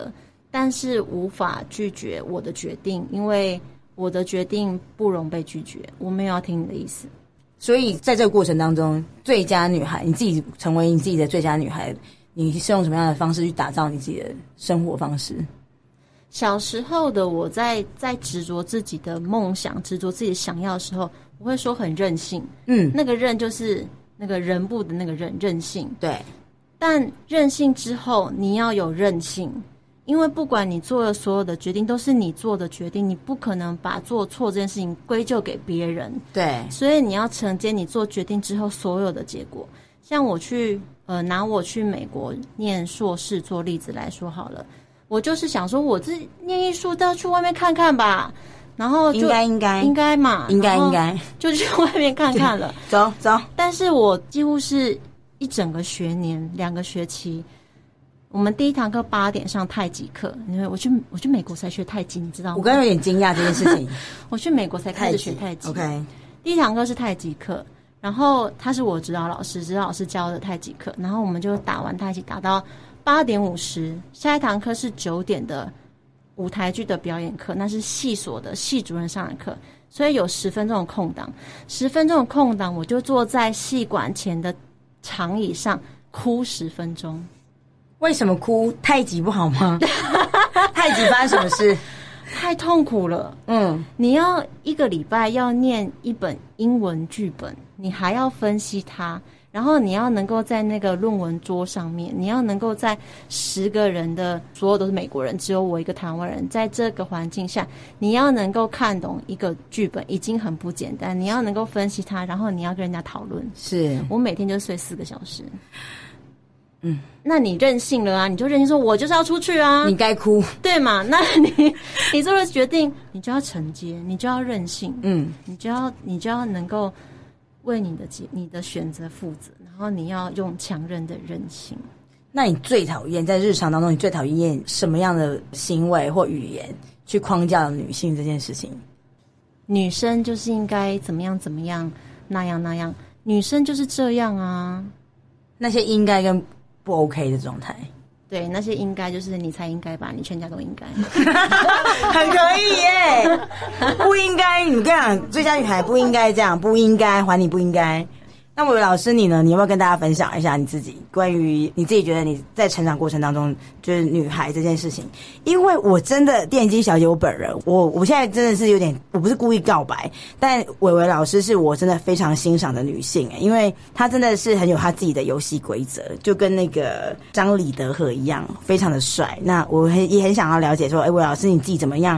B: 但是無法拒絕我的決定，因為我的決定不容被拒絕。我沒有要聽你的意
C: 思，
A: 所以在這個過程當中，最嘉女孩，你自己成為你自己的最嘉女孩。你是用什麼樣的方式去打造你自己的生活方式？
B: 小時候的我在在執着自己的夢想、執着自己想要的時候，我會說很任性。嗯，那個任就是那個人部的那個任任性。對，但任性之後你要有韌性，因為不管你做的所有的決定都是你做的決定，你不可能把做錯這件事情歸咎給別人。對，所以你要承接你做決定之後所有的結果。像我去。呃，拿我去美國念碩士做例子來說好了。我就是想說，我這念藝術都要去外面看看吧，然後就應該應該應該嘛，應該應該就去外面看看了，走走。但是我幾乎是一整個學年兩個學期，我們第一堂課八點上太極課，因為我去我去美國才學太極，你知道嗎？我剛剛有點驚訝這件事情， 我去美國才開始學太極。太極 OK，第一堂課是太極課。然後他是我指導老師，指導老師教的太極課，然後我們就打完太極打到八點五十，下一堂課是九點的舞台劇的表演課，那是系所的系主任上的課，所以有十分鐘的空檔，十分鐘的空檔我就坐在戲館前的長椅上哭十分鐘。為什麼哭？太極不好嗎？ 太極發生什麼事？太痛苦了。嗯，你要一個禮拜要念一本英文劇本。你還要分析它，然後你要能夠在那個論文桌上面，你要能夠在十個人的所有都是美國人，只有我一個台灣人，在這個環境下，你要能夠看懂一個劇本已經很不簡單。你要能夠分析它，然後你要跟人家討論。是。我每天就睡四個小時。嗯，那你任性了啊？你就任性說，我就是要出去啊！你該哭。對嘛？那你你做了決定， 你就要承接，你就要任性。嗯，你就要你就要能夠。為你的你你的選擇負責，然後你要用強韌的人性。
A: 那你最討厭在日常當中，你最討厭什麼樣的行為或語言去框架女性這件事情？女
B: 生就是應該怎麼樣怎麼樣那樣那樣，女生就是這樣啊。那些應該跟不 OK 的狀態。對，那些應該就是你才應該吧，你全家都應該，
E: 很可以
A: 耶、欸，不應該，你們看最嘉女孩不應該這樣，不應該還你不應該。那韋維老師，你呢？你有沒有跟大家分享一下你自己關於你自己覺得你在成長過程當中，就是女孩這件事情？因為我真的電機小姐，我本人，我我現在真的是有點，我不是故意告白。但韋維老師是我真的非常欣賞的女性，欸，因為她真的是很有她自己的遊戲規則，就跟那個張李德和一樣，非常的帥。那我很也很想要了解說，哎，欸，韋維老師你自己怎麼樣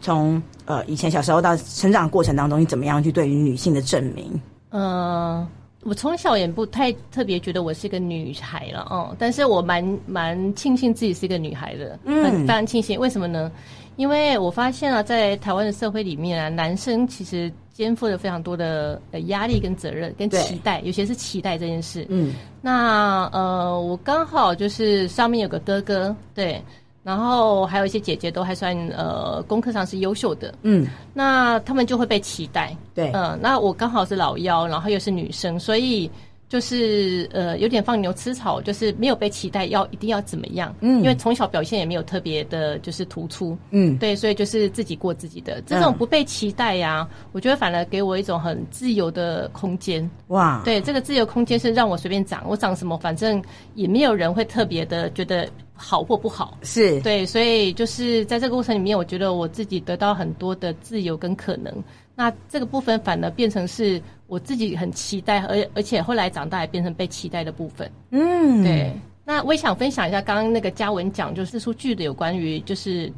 A: 從？從呃以前小時候到成長過程當中，你怎麼樣去對於女性的證明？
C: 嗯、uh...。我從小也不太特別覺得我是一個女孩了哦，嗯，但是我蠻蠻慶幸自己是一個女孩的，嗯，非常慶幸。為什麼呢？因為我發現啊，在台灣的社會裡面啊，男生其實肩負了非常多的呃壓力跟責任跟期待，有些是期待這件事。嗯，那呃，我剛好就是上面有個哥哥，對。然後還有一些姐姐都還算呃功課上是優秀的，嗯，那他們就會被期待，對，嗯、呃，那我剛好是老幺，然後又是女生，所以就是呃有點放牛吃草，就是沒有被期待要一定要怎麼樣，嗯，因為從小表現也沒有特別的就是突出，嗯，對，所以就是自己過自己的，這種不被期待呀、啊嗯，我覺得反而給我一種很自由的空間，哇，對，這個自由空間是讓我隨便長，我長什麼反正也沒有人會特別的覺得。好或不好是對，所以就是在這個過程裡面，我覺得我自己得到很多的自由跟可能。那這個部分反而變成是我自己很期待，而而且後來長大也變成被期待的部分。
E: 嗯，對。
C: 那我也想分享一下剛剛那個䕒文講，就是這齣劇的有關於，就是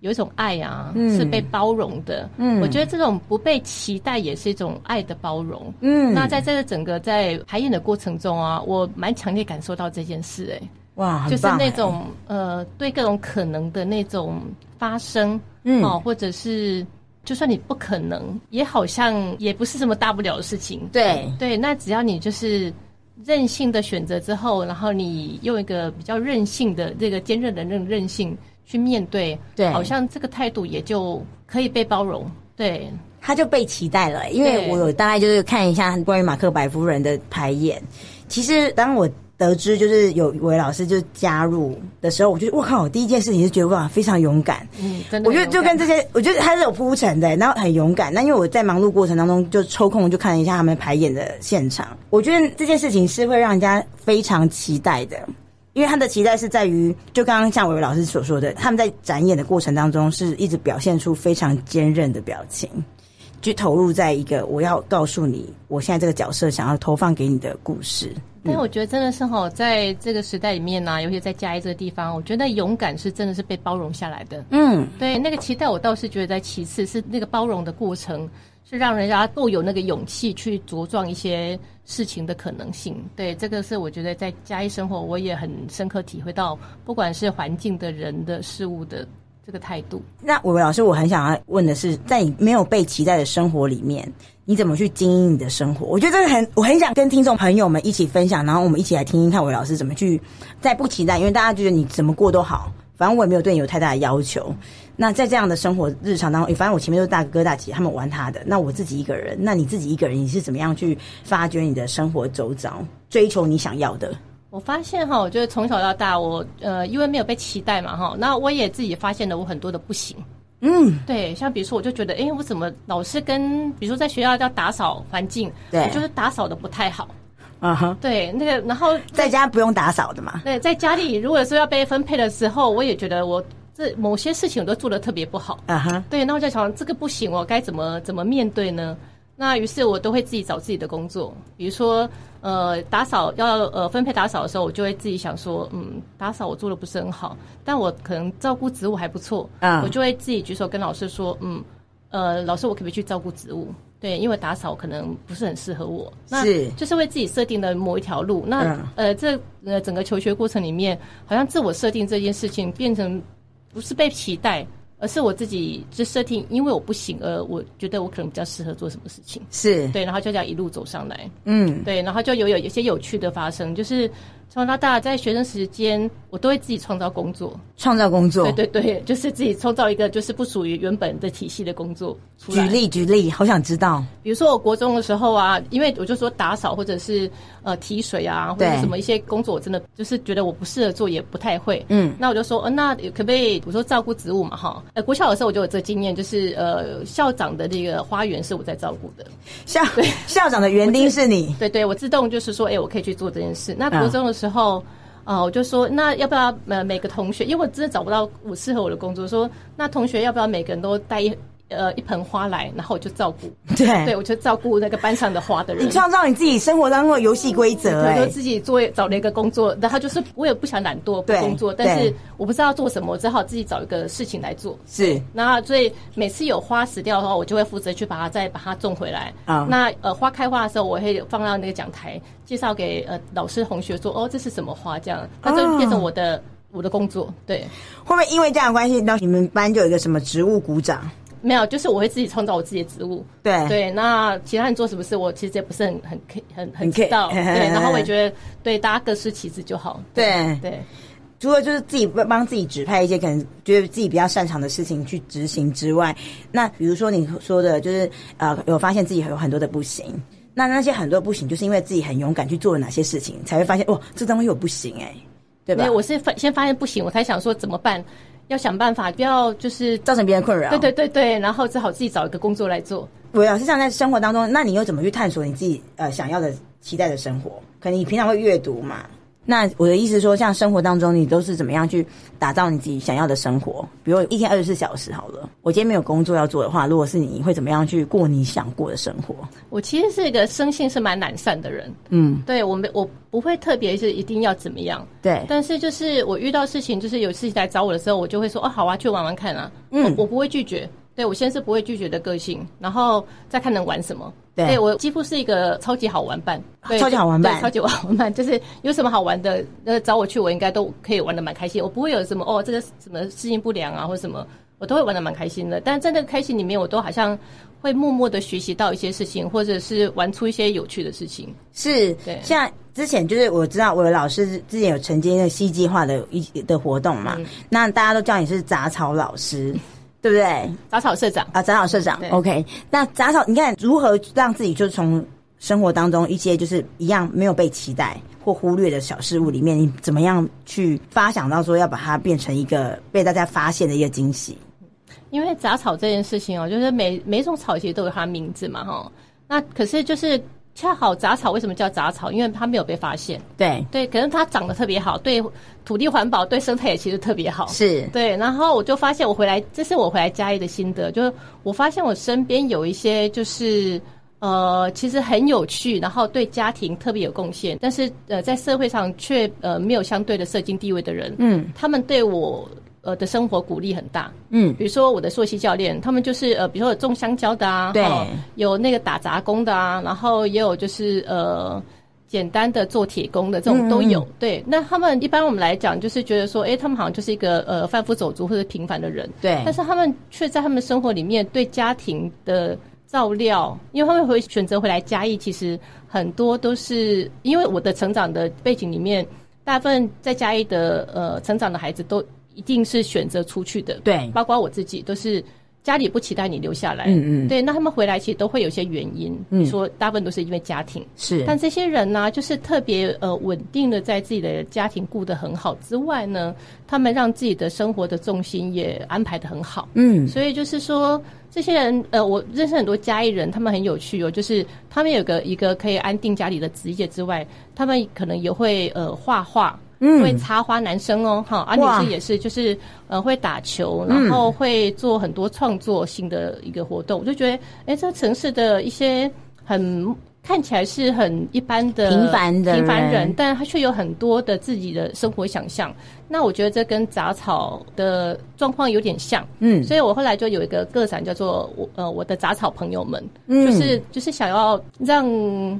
C: 有一種愛啊、嗯，是被包容的。嗯，我覺得這種不被期待也是一種愛的包容。嗯，那在這個整個在排演的過程中啊，我蠻強烈感受到這件事、欸，哎。
B: 哇，就是那種
C: 呃，對各種可能的那種發生，嗯，哦，或者是就算你不可能，也好像也不是什麼大不了的事情。對對，那只要你就是任性的選擇之後，然後你用一個比較任性的這個堅韌的那種韌性去面對，對，好像這個態度也就可以被包容。對，他就被期待了，因為我有
A: 大概就是看一下關於馬克白夫人的排演，其實當我。得知就是有韋老師就加入的時候，我就我靠！我第一件事情是覺得哇，非常勇敢。嗯，真的，我覺得就跟這些，我覺得他是有鋪陳的，然後很勇敢。那因為我在忙碌過程當中，就抽空就看了一下他們排演的現場。我覺得這件事情是會讓人家非常期待的，因為他的期待是在於，就剛剛像韋老師所說的，他們在展演的過程當中是一直表現出非常堅韌的表情，就投入在一個我要告訴你，我現在這個角色想要投放給你的故事。
C: 但我覺得真的是哈，在這個時代裡面呢、啊，尤其在嘉義這個地方，我覺得那勇敢是真的是被包容下來的。嗯，對，那個期待我倒是覺得在其次，是那個包容的過程，是讓人家夠有那個勇氣去茁壯一些事情的可能性。對，這個是我覺得在嘉義生活，我也很深刻體會到，不管是環境的人的事物的。這個態度，
A: 那韋維老師，我很想要問的是，在你沒有被期待的生活裡面，你怎麼去經營你的生活？我覺得這個很，我很想跟聽眾朋友們一起分享，然後我們一起來聽聽看韋老師怎麼去在不期待，因為大家覺得你怎麼過都好，反正我也沒有對你有太大的要求。那在這樣的生活日常當中，反正我前面都是大哥大姐他們玩他的，那我自己一個人，那你自己一個人，你是怎麼樣去發掘你的生活周遭，追求你想要的？
C: 我發現哈，我覺得從小到大，我呃，因為沒有被期待嘛哈，那我也自己發現了我很多的不行。嗯，對，像比如說，我就覺得，哎、欸，我怎麼老是跟，比如說在學校要打掃環境，對，就是打掃的不太好。嗯哼，對，那個然後在，在家
A: 不用打掃的嘛。
C: 對，在家裡如果說要被分配的時候，我也覺得我這某些事情我都做得特別不好。啊、嗯、哈，對，那我就想這個不行哦，我該怎麼怎麼面對呢？那於是，我都會自己找自己的工作，比如說，呃，打掃要呃分配打掃的時候，我就會自己想說，嗯，打掃我做的不是很好，但我可能照顧植物還不錯，啊、嗯，我就會自己舉手跟老師說，嗯，呃，老師我可不可以去照顧植物？對，因為打掃可能不是很適合我，是，那就是為自己設定的某一條路。那、嗯、呃，這呃整個求學過程裡面，好像自我設定這件事情變成不是被期待。而是我自己就設定，因為我不行，而我覺得我可能比較適合做什麼事情，是對，然後就這樣一路走上來，嗯，對，然後就有有一些有趣的發生，就是。從小到大在學生時間，我都會自己創造工作，
A: 創造工作，對對對，
C: 就是自己創造一個就是不屬於原本的體系的工作。舉
A: 例舉例，好想知道。
C: 比如說，我國中的時候啊，因為我就說打掃或者是呃提水啊，或者什麼一些工作，我真的就是覺得我不適合做，也不太會。嗯，那我就說，呃、那可不可以？我說照顧植物嘛，哈。呃，國小的時候我就有這個經驗，就是呃校長的這個花園是我在照顧的，校對校長的園
A: 丁是你。對對，
C: 對對，我自動就是說，哎、欸，我可以去做這件事。那國中的時候之後，呃，我就說，那要不要呃每個同學，因為我真的找不到我適合我的工作，說那同學要不要每個人都帶一呃，一盆花來，然後我就照顧。對，對我就照顧那個班上的花的人。 你創
A: 造你自己生活當中的遊戲規則，就自己
C: 做找了一個工作。然後就是我也不想懶惰不工作，但是我不知道做什麼，我只好自己找一個事情來做。是，那所以每次有花死掉的話，我就會負責去把它再把它種回來。啊、oh.，那呃花開花的時候，我會放到那個講台，介紹給呃老師同學說：“哦，這是什麼花？”這樣，那就變成我的、oh. 我的工作。對，
A: 會不會因為這樣的關係，那你們班就有一個什麼植物鼓掌。
C: 沒有，就是我會自己創造我自己的職務。對對，那其他人做什麼事，我其實也不是很很很很知道。Can, uh, 對，然後我也覺得，對大家各司其職就好。對對，
A: 對，除了就是自己幫自己指派一些可能覺得自己比較擅長的事情去執行之外，那比如說你說的，就是呃，有發現自己有很多的不行，那那些很多不行，就是因為自己很勇敢去做了哪些事情，才會發現，哇、哦，這東西我不行哎、欸，
C: 對吧對？我是先發現不行，我才想說怎麼辦。要想辦法，不要就是造成別人困擾。對對對對，然後只好自己找一個工作來做。我要是像在生活當中，
A: 那你又怎麼去探索你自己呃，想要的、期待的生活？可能你平常會閱讀嘛。那我的意思說，像生活當中，你都是怎麼樣去打造你自己想要的生活？比如一天二十四小時好了，我今天沒有工作要做的話，如果是你會怎麼樣去過你想過的生活？
C: 我其實是一個生性是蠻懶散的人，嗯，對，我沒，我不會特別是一定要怎麼樣，對，但是就是我遇到事情，就是有事情來找我的時候，我就會說哦，好啊，去玩玩看啊，嗯，我，我不會拒絕。對，我先是不會拒絕的個性，然後再看能玩什麼。對，對我幾乎是一個超級好玩伴，對超級好玩伴，對，超級好玩伴，就是有什麼好玩的，呃，找我去，我應該都可以玩的蠻開心。我不會有什麼哦，這個什麼適應不良啊，或什麼，我都會玩的蠻開心的。但是在那個開心裡面，我都好像會默默的學習到一些事情，或者是玩出一些有趣的事情。是，對像
A: 之前就是我知道我的老師之前有曾接的 C 計劃的一的活動嘛、嗯，那大家都叫你是雜草老師。
B: 對不對？雜草社長啊，雜草社長
A: ，OK。那雜草，你看如何讓自己就從生活當中一些就是一樣沒有被期待或忽略的小事物裡面，你怎麼樣去發想到說要把它變成一個被大家發現的一個驚喜？
C: 因為雜草這件事情哦，就是每每種草其實都有它名字嘛，哦，哈。那可是就是。恰好雜草為什麼叫雜草？因為它沒有被發現。對對，可能它長得特別好，對土地環保、對生態也其實特別好。是對。然後我就發現，我回來，這是我回來嘉義的心得，就是我發現我身邊有一些就是呃，其實很有趣，然後對家庭特別有貢獻，但是呃，在社會上卻呃沒有相對的社經地位的人。嗯，他們對我。呃，的生活鼓勵很大，嗯，比如說我的碩士教練，他們就是呃，比如說有種香蕉的啊，對，哦、有那個打雜工的啊，然後也有就是呃簡單的做鐵工的這種都有，嗯嗯對。那他們一般我們來講，就是覺得說，誒，他們好像就是一個呃販夫走卒或者平凡的人，對。但是他們卻在他們生活裡面對家庭的照料，因為他們會選擇回來嘉義，其實很多都是因為我的成長的背景裡面，大部分在嘉義的呃成長的孩子都。一定是選擇出去的，對，包括我自己都是家裡不期待你留下來，嗯嗯，對，那他們回來其實都會有一些原因，你、嗯、說大部分都是因為家庭，是，但這些人呢、啊，就是特別呃穩定的在自己的家庭顧得很好之外呢，他們讓自己的生活的重心也安排得很好，嗯，所以就是說這些人呃，我認識很多嘉義人，他們很有趣哦，就是他們有一個一個可以安定家裡的職業之外，他們可能也會呃畫畫。畫畫會插花男生哦，哈、嗯，啊，女士也是，就是呃，會打球，然後會做很多創作性的一個活動。嗯、我就覺得，哎、欸，這個城市的一些很看起來是很一般的平凡的人平凡人，但他卻有很多的自己的生活想象。那我覺得這跟雜草的狀況有點像，嗯，所以我後來就有一個個展，叫做我呃我的雜草朋友們，嗯，就是就是想要讓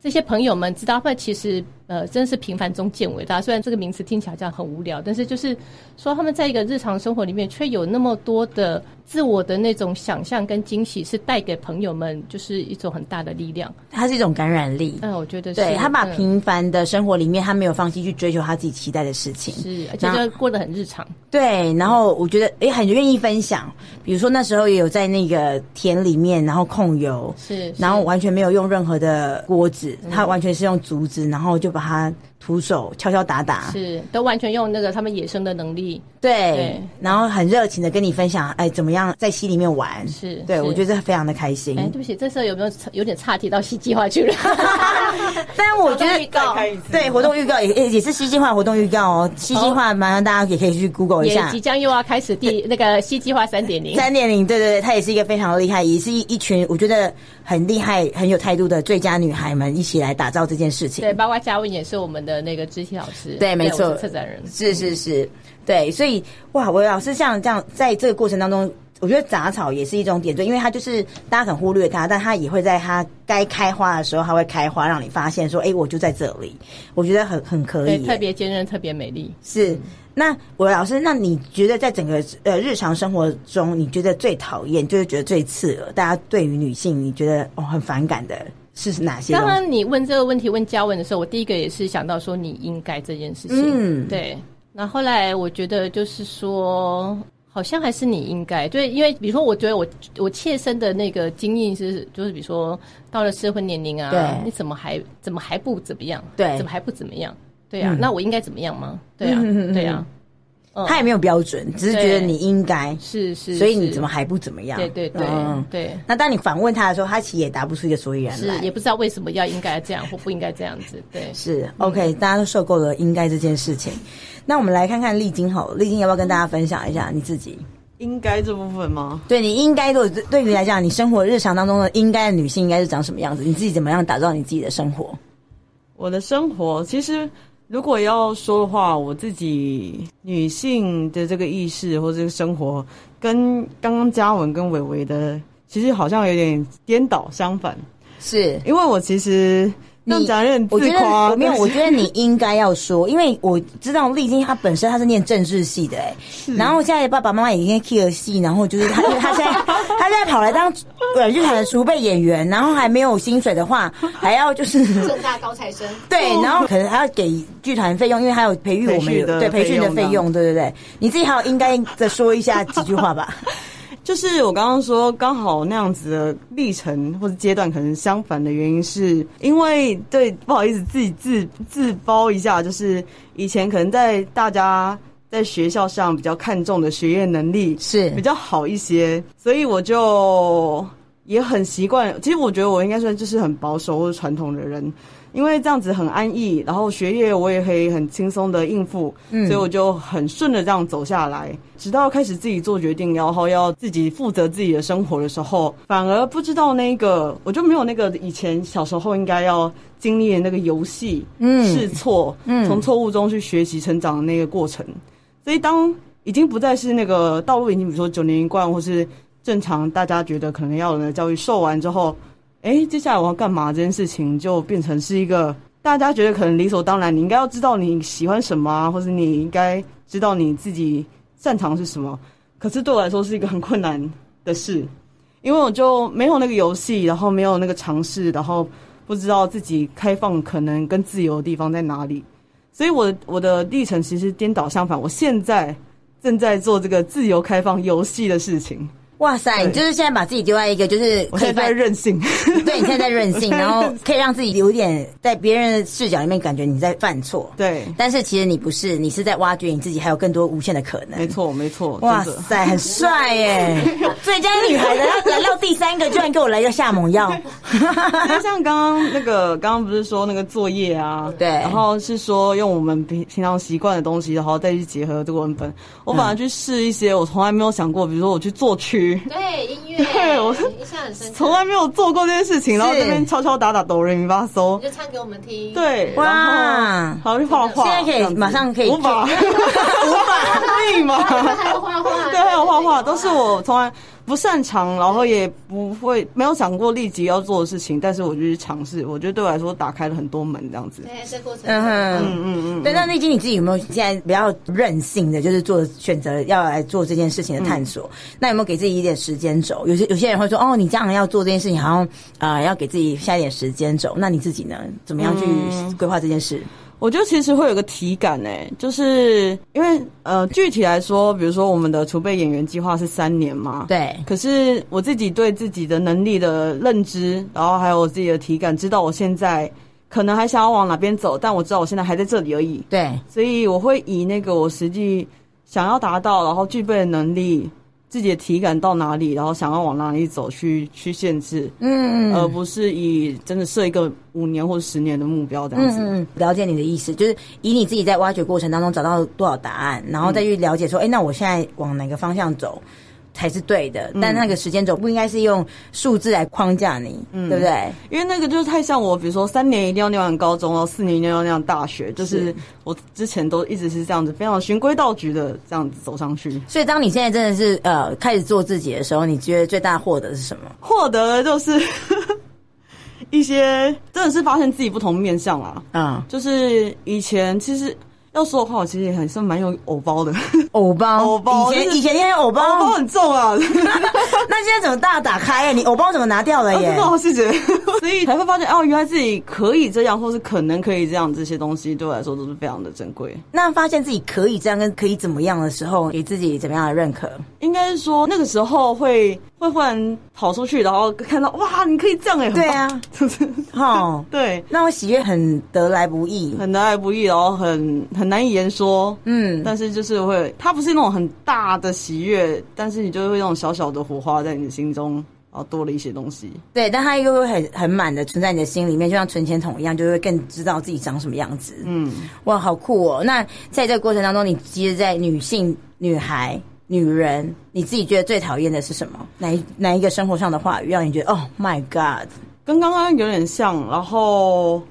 C: 這些朋友們知道，其實。呃，真是平凡中見偉大。雖然這個名詞聽起來這樣很無聊，但是就是說他們在一個日常生活裡面，卻有那麼多的自我的那種想象跟驚喜，是帶給朋友們就是一種很大的力量。
A: 它是一種感染力。嗯，
C: 我覺得是。對，他把平
A: 凡的生活裡面，他沒有放棄去追求他自己期待的事情。是，而且就
C: 是過得很日常。
A: 對，然後我覺得哎、欸，很願意分享。比如說那時候也有在那個田裡面，然後控油，是，是然後完全沒有用任何的鍋子，他完全是用竹子，然後就把。晚安徒手敲敲打打，是
C: 都完全用那個他們野生的能力對，
A: 對，然後很熱情的跟你分享哎、欸、怎麼樣在溪裡面玩，是對，是我覺得非常的開心哎、
C: 欸、對不起這時候有沒有有點岔題到溪計劃去了， 但我覺得預告，
A: 對活動預告也、欸、也是溪計劃活動預告哦，溪計劃麻煩大家也可以去 Google 一下，即
C: 將又要開始第、呃、那個溪計劃三點零三
A: 點零，對對對他也是一個非常厲害也是一一群我覺得很厲害很有態度的最嘉女孩們一起來打造這件事情，對
C: 包括䕒文也是我們。的那個肢體老師，對，對沒錯，策
A: 展人是是是，對，所以哇，我老師像這樣，在這個過程當中，我覺得雜草也是一種點綴，因為它就是大家很忽略它，但它也會在它該開花的時候，它會開花，讓你發現說，哎、欸，我就在這裡，我覺得很很可以對，特
C: 別堅韌，特別美麗。
A: 是，那我老師，那你覺得在整個呃日常生活中，你覺得最討厭，就是覺得最刺耳，大家對於女性你覺得哦很反感的？是哪些？剛剛
C: 你問這個問題問䕒文的時候，我第一個也是想到說你應該這件事情。嗯，對。那後來我覺得就是說，好像還是你應該。對，因為比如說，我覺得我我切身的那個經驗是，就是比如說到了適婚年齡啊，你怎麼還怎麼還不怎麼樣？對，怎麼還不怎麼樣？對呀、啊嗯，那我應該怎麼樣嗎？對呀、啊嗯，對呀、啊。他也沒
A: 有標準，嗯、只是覺得你應該是
C: 是，所以你怎麼還不
A: 怎麼樣？對、嗯、對對對。那當你反問他的時候，他其實也答不出一個所以然來。是，也
C: 不知道為什麼要應該這樣 或不應該這樣子。對，是
A: OK，大家都受夠了應該這件事情。 那我們來看看麗菁好了，麗菁要不要跟大家分享一下你自己
E: 應該這部分嗎？
A: 對你應該都對於來講，你生活日常當中的應該的女性應該是長什麼樣子？你自己怎麼樣打造你自己的生活？
E: 我的生活其實。如果要說的話，我自己女性的這個意識或這個生活，跟剛剛䕒文跟韋維的，其實好像有點顛倒相反。是，因為我其實。你我覺得，有、啊、我覺得沒有，我覺得你應
A: 該要說，因為我知道麗菁她本身她是念政治系的哎、欸，然後現在爸爸媽媽已經棄了戲，然後就是他她現在 他現在跑來當劇團 的儲備演員，然後還沒有薪水的話，還要就是政
E: 大高材生對，然後可能
A: 還要給劇團費用，因為他有培育我們對培訓的費用、用、用，對對對，你自己還要應該再說一下幾句話
E: 吧。 就是我剛剛說剛好那樣子的歷程或者階段，可能相反的原因，是因為對，不好意思，自己自，自包一下，就是以前可能在大家在學校上比較看重的學業能力是比較好一些，所以我就也很習慣。其實我覺得我應該算就是很保守或者傳統的人。因為這樣子很安逸，然後學業我也可以很輕鬆的應付，嗯，所以我就很順着這樣走下來，直到開始自己做決定，然後要自己負責自己的生活的時候，反而不知道那個，我就沒有那個以前小時候應該要經歷的那個遊戲，嗯，試錯，嗯，從錯誤中去學習成長的那個過程。所以當已經不再是那個道路，已經比如說九年一貫或是正常大家覺得可能要的教育受完之後。誒、欸，接下來我要幹嘛？這件事情就變成是一個大家覺得可能理所當然，你應該要知道你喜歡什麼啊，或者你應該知道你自己擅長是什麼。可是對我來說是一個很困難的事，因為我就沒有那個遊戲，然後沒有那個嘗試，然後不知道自己開放可能跟自由的地方在哪裡。所以我我的歷程其實顛倒相反，我現在正在做這個自由開放遊戲的事情。
A: 哇塞！你就是現在把自己丟在一個就是我現
E: 在在任性，
A: 對，你現在在任性，然後可以讓自己有點在別人的視角裡面感覺你在犯錯，對。但是其實你不是，你是在挖掘你自己還有更多無限的可能。沒錯，沒錯。哇塞，很帥
E: 耶！ 最嘉女孩的來到第三個，居然給我來一個下猛藥。就 像剛剛那個，剛剛不是說那個作業啊，對。然後是說用我們平平常習慣的東西的，然後再去結合這個文本。我本來去試一些、嗯、我從來沒有想過，比如說我去作曲。
C: 對音樂，對我印象很深，從來沒有做過這件事情，然後這邊敲
E: 敲打打抖人，哆瑞咪發嗦，就唱給我們聽。對，哇，好，去畫畫，現在可以，馬上可以我把 結 我把，五 百，五百，密碼，對，還有畫畫，都是我從來。不擅長，然後也不會沒有想過立即要做的事情，但是我就是嘗試，我覺得對我來說打開了很多門這樣子。嗯嗯、
C: 對，嗯哼，嗯嗯嗯。那那
E: 麗菁你自己有
A: 沒有現在比較任性的，就是做選擇要來做這件事情的探索？嗯、那有沒有給自己一點時間軸？有些有些人會說，哦，你這樣要做這件事情，然後啊要給自己
E: 下一點時間軸。那你自己呢？怎麼樣去規劃這件事？嗯我覺得其實會有個體感誒、欸，就是因為呃，具體來說，比如說我們的儲備演員計劃是三年嘛，對。可是我自己對自己的能力的認知，然後還有我自己的體感，知道我現在可能還想要往哪邊走，但我知道我現在還在這裡而已。對。所以我會以那個我實際想要達到，然後具備的能力。自己的體感到哪裡，然後想要往哪裡走去，去去限制，嗯，而不是以真的設一個五年或者十年的目標這樣子。嗯嗯，了解你的意思，就是以你自己在
A: 挖掘過程當中找到多少答案，然後再去了解說，哎，嗯，欸，那我現在往哪個方向走？
E: 才是對的，
A: 但那個時間軸不應該是用數字來框架你，嗯，對不對？
E: 因為那個就是太像我，比如說三年一定要念完高中哦，四年一定要念完大學，就是我之前都一直是這樣子，非常循規蹈矩的這樣子走上去。所以，當你現在真的是呃
A: 開始做自己的時候，你覺得最大獲得是什麼？
E: 獲得就是呵呵一些真的是發現自己不同面向啦。嗯，就是以前其實。要說的話，我其實也是蠻有偶包的，偶包，偶包，以前、就是、以前因為偶包，偶包很重啊 那。那現在怎麼大打開？你偶包怎麼拿掉了？耶？啊、真的好刺激，謝謝 所以才會發現哦、哎，原來自己可以這樣，或是可能可以這樣，這些東西對我來說都是非常的珍貴。
A: 那發現自己可以這樣跟可以怎麼樣的時候，給自己怎麼樣的認可？
E: 應該是說那個時候會。會忽然跑出去，然後看到哇，你可以這樣哎！對啊，哈， 對，哦、那種喜悅很得來不易，很得來不易然後很很難以言說。嗯，但是就是會，它不是那種很大的喜悅，但是你就會那種小小的火花在你的心中，然後多了一些東西。對，但它又會很很滿
A: 的存在你的心裡面，就像存錢桶一樣，就會更知道自己長什麼樣子。嗯，哇，好酷哦！那在這個過程當中，你接在女性女孩。女人，你自己覺
E: 得最討厭的是什麼？哪哪一個生活上的話語讓你覺得 Oh my God？跟剛剛有點像，然後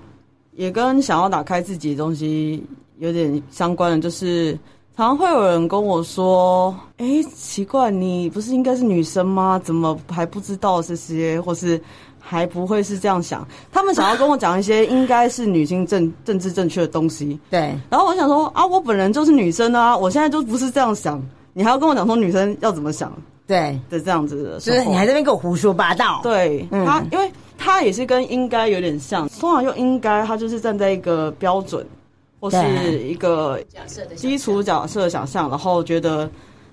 E: 也跟想要打開自己的東西有點相關的，就是常常會有人跟我說：“哎，奇怪，你不是應該是女生嗎？怎麼還不知道這些，或是還不會是這樣想？”他們想要跟我講一些應該是女性正政治正確的東西，對。然後我想說啊，我本人就是女生啊，我現在就不是這樣想，你還要跟我講說女生要怎麼想，對的這樣子，的，所以你還在那邊跟我胡說八道。對他，因為他也是跟應該有點像，通常就應該他就是站在一個標準，或是一個假設的基礎假設的想象，然後覺得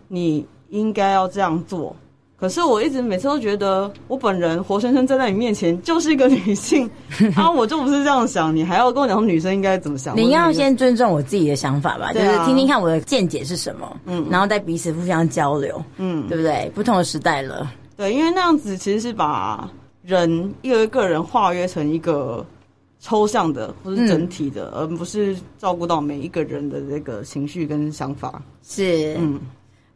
E: 你應該要這樣做。可是我一直每次都覺得，我本人活生生站在你面前就是一個女性，然 後、啊、我就不是這樣想。你還要跟我講女生應該怎麼想？你要先
A: 尊重我自己的想法吧、啊，就是聽聽看我的見解是什麼，嗯，然後再彼此互相交流，嗯，對不對？不同的時代了，
E: 對，因為那樣子其實是把人一個一個人化約成一個抽象的或是整體的，嗯、而不是照顧到每一個人的這個情緒跟想法。是，嗯。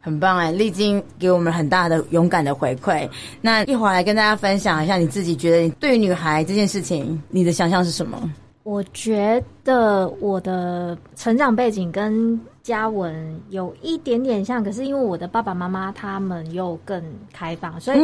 E: 很棒哎，麗菁給我們
A: 很大的勇敢的回饋。那一會兒來跟大家分享一下，你自己覺得你對於女孩這件事情，你的想象是什麼？
D: 我覺得我的成長背景跟䕒文有一點點像，可是因為我的爸爸媽媽他們又更開放，所以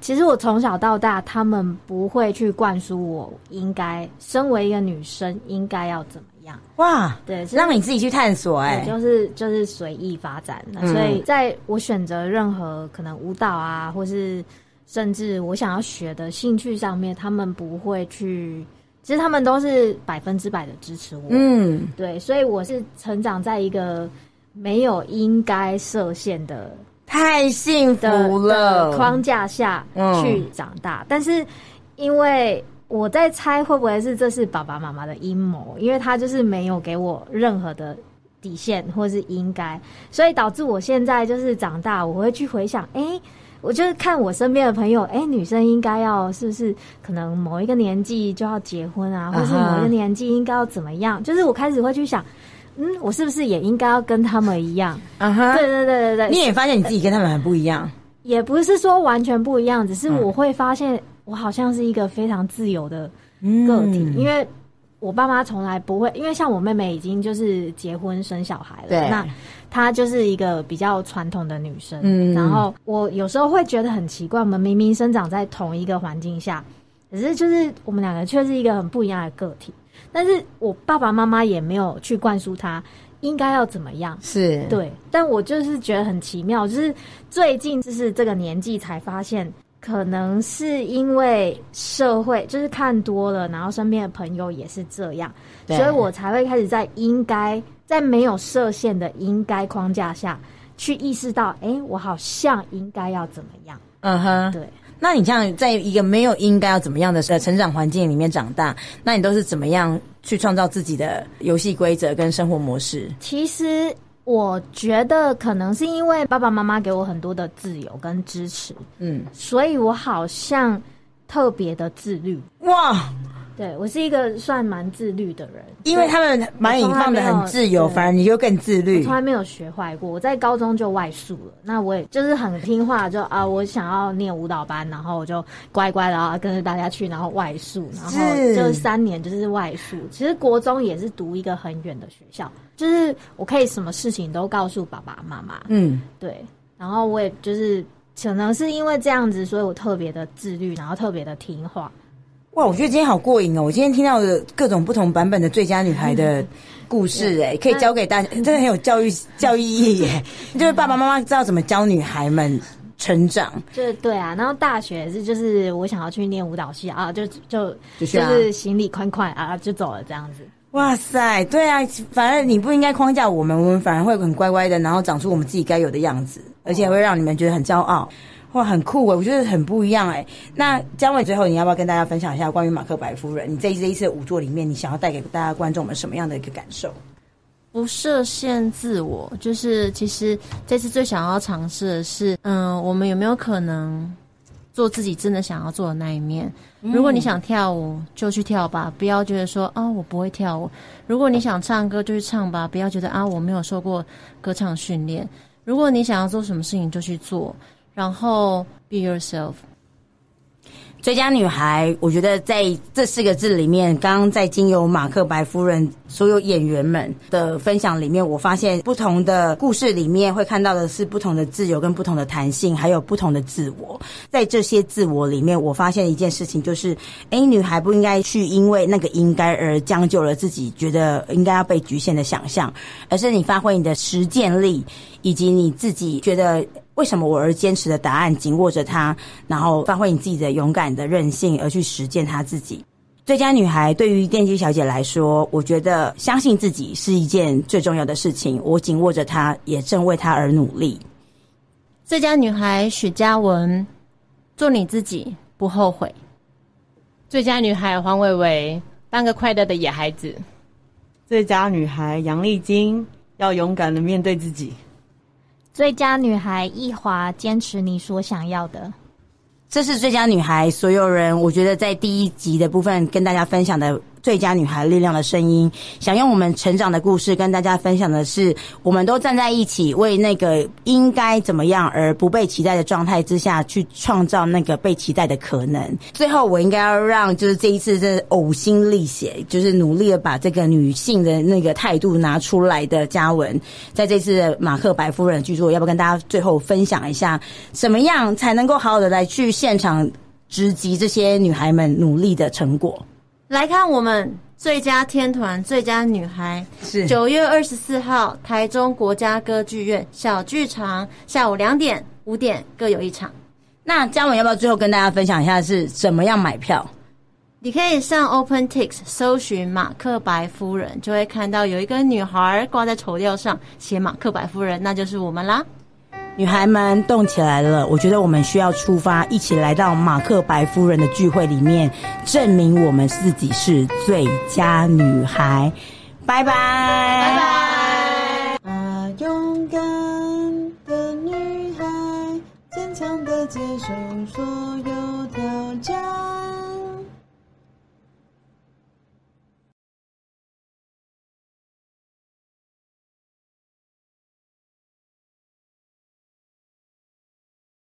D: 其實我從小到大，他們不會去灌輸我應該身為一個女生應該要怎麼。哇，對是，讓你自己去探索、欸，哎，就是就是隨意發展、嗯。所以，在我選擇任何可能舞蹈啊，或是甚至我想要學的興趣上面，他們不會去，其實他們都是百分之百的支持我。嗯，對，所以我是成長在一個沒有應該設限的、太幸福了的的框架下去長大。嗯、但是因為。我在猜會不會是這是爸爸媽媽的陰謀，因為他就是沒有給我任何的底線或是應該，所以導致我現在就是長大，我會去回想，哎、欸，我就是看我身邊的朋友，哎、欸，女生應該要是不是可能某一個年紀就要結婚啊，Uh-huh. 或是某一個年紀應該要怎麼樣，就是我開始會去想，嗯，我是不是也應該要跟他們一樣？啊哈，對對對對對，你也發現你自己跟他們很不一樣，也不是說完全不一樣，只是我會發現。我好像是一個非常自由的個體，嗯，因為我爸媽從來不會，因為像我妹妹已經就是結婚生小孩了，對，那她就是一個比較傳統的女生，嗯。然後我有時候會覺得很奇怪，我們明明生長在同一個環境下，可是就是我們兩個卻是一個很不一樣的個體。但是我爸爸媽媽也沒有去灌輸她應該要怎麼樣，是對，但我就是覺得很奇妙，就是最近就是這個年紀才發現。可能是因為社會就是看多了，然後身邊的朋友也是這樣，所以我才會開始在應該在沒有設限的應該框架下，去意識到，哎、欸，我好像應該要怎麼樣？
A: 嗯哼，對。那你像在一個沒有應該要怎麼樣的成長環境裡面長大，那你都是怎麼樣去創造自己的遊戲規則跟生活模式？
D: 其實。我覺得可能是因為爸爸媽媽給我很多的自由跟支持，嗯，所以我好像特別的自律。哇！對，我是一個算蠻自律的人，因為他們蠻解放的，很自由，
A: 反而你就更自律。我從來沒
D: 有學壞過，我在高中就外宿了。那我也就是很聽話，就啊，我想要念舞蹈班，然後我就乖乖的啊跟着大家去，然後外宿，然後就是三年就是外宿。其實國中也是讀一個很遠的學校，就是我可以什麼事情都告訴爸爸媽媽。嗯，對。然後我也就是可能是因為這樣子，所以我特別的自律，然後特別的聽話。哇，我覺得今
A: 天好過癮哦！我今天聽到的各種不同版本的最嘉女孩的故事、欸，哎，可以教給大家、欸，真的很有教育教育意義、欸。就是爸爸媽媽知道怎麼教女孩們
D: 成長。就對啊，然後大學是就是我想要去念舞蹈系啊，就就就是行李款款啊，就走了這樣子。就
A: 是啊、哇塞，對啊，反正你不應該框架我們，我們反而會很乖乖的，然後長出我們自己該有的樣子，而且會讓你們覺得很驕傲。哇，很酷哎，我覺得很不一樣哎。那韋維，最後你要不要跟大家分享一下關於《馬克白夫人》？你這這一次的舞作裡面，你想要帶給大家觀眾們什麼樣的一個感受？
B: 不設限自我，就是其實這次最想要嘗試的是，嗯，我們有沒有可能做自己真的想要做的那一面？如果你想跳舞，就去跳吧，不要覺得說啊，我不會跳舞。如果你想唱歌，就去唱吧，不要覺得啊，我沒有受過歌唱訓練。如果你想要做什麼事情，就去做。然後，be yourself。
A: 最嘉女孩，我覺得在這四個字裡面，剛剛在經由馬克白夫人所有演員們的分享裡面，我發現不同的故事裡面會看到的是不同的自由跟不同的彈性，還有不同的自我。在這些自我裡面，我發現一件事情，就是，誒，女孩不應該去因為那個應該而將就了自己覺得應該要被局限的想象，而是你發揮你的實踐力，以及你自己覺得。為什麼我而堅持的答案？緊握着它，然後發揮你自己的勇敢的韌性，而去實踐他自己。最嘉女孩對於電機小姐來說，我覺得相信自己是一件最重要的事情。我緊握着它，也正為它而努力。
B: 最嘉女孩許䕒文，做你自己，不後悔。最
C: 嘉女孩
D: 黃偉偉，當個快樂的野孩子。最嘉女孩楊麗菁，要勇敢的面對自己。最嘉女孩懿嬅，堅持你所想要的。
A: 這是最嘉女孩所有人，我覺得在第一集的部分跟大家分享的。最嘉女孩力量的聲音，想用我們成長的故事跟大家分享的是，我們都站在一起，為那個應該怎麼樣而不被期待的狀態之下去創造那個被期待的可能。最後，我應該要讓就是這一次真是嘔心瀝血，就是努力的把這個女性的那個態度拿出來的䕒文，在這次的《馬克白夫人》劇作，要不跟大家最後分享一下，怎麼樣才能夠好好的來去現場直擊這些女孩們努力的成果。
B: 來看我們最佳天團、最嘉女孩，是九月二十四號台中國家歌劇院小劇場，下午兩點、五點各有一場。那䕒文要不要最
A: 後跟大家分享一下是怎麼樣買
B: 票？你可以上 OpenTix 搜尋“馬克白夫人”，就會看到有一個女孩掛在綢吊上寫“馬克白夫人”，那就是我們啦。
A: 女孩們動起來了，我覺得我們需要出發，一起來到馬克白夫人的聚會裡面，證明我們自己是最嘉女孩。拜拜，拜拜、
E: 啊。勇敢的女孩，堅強的接受所有挑戰。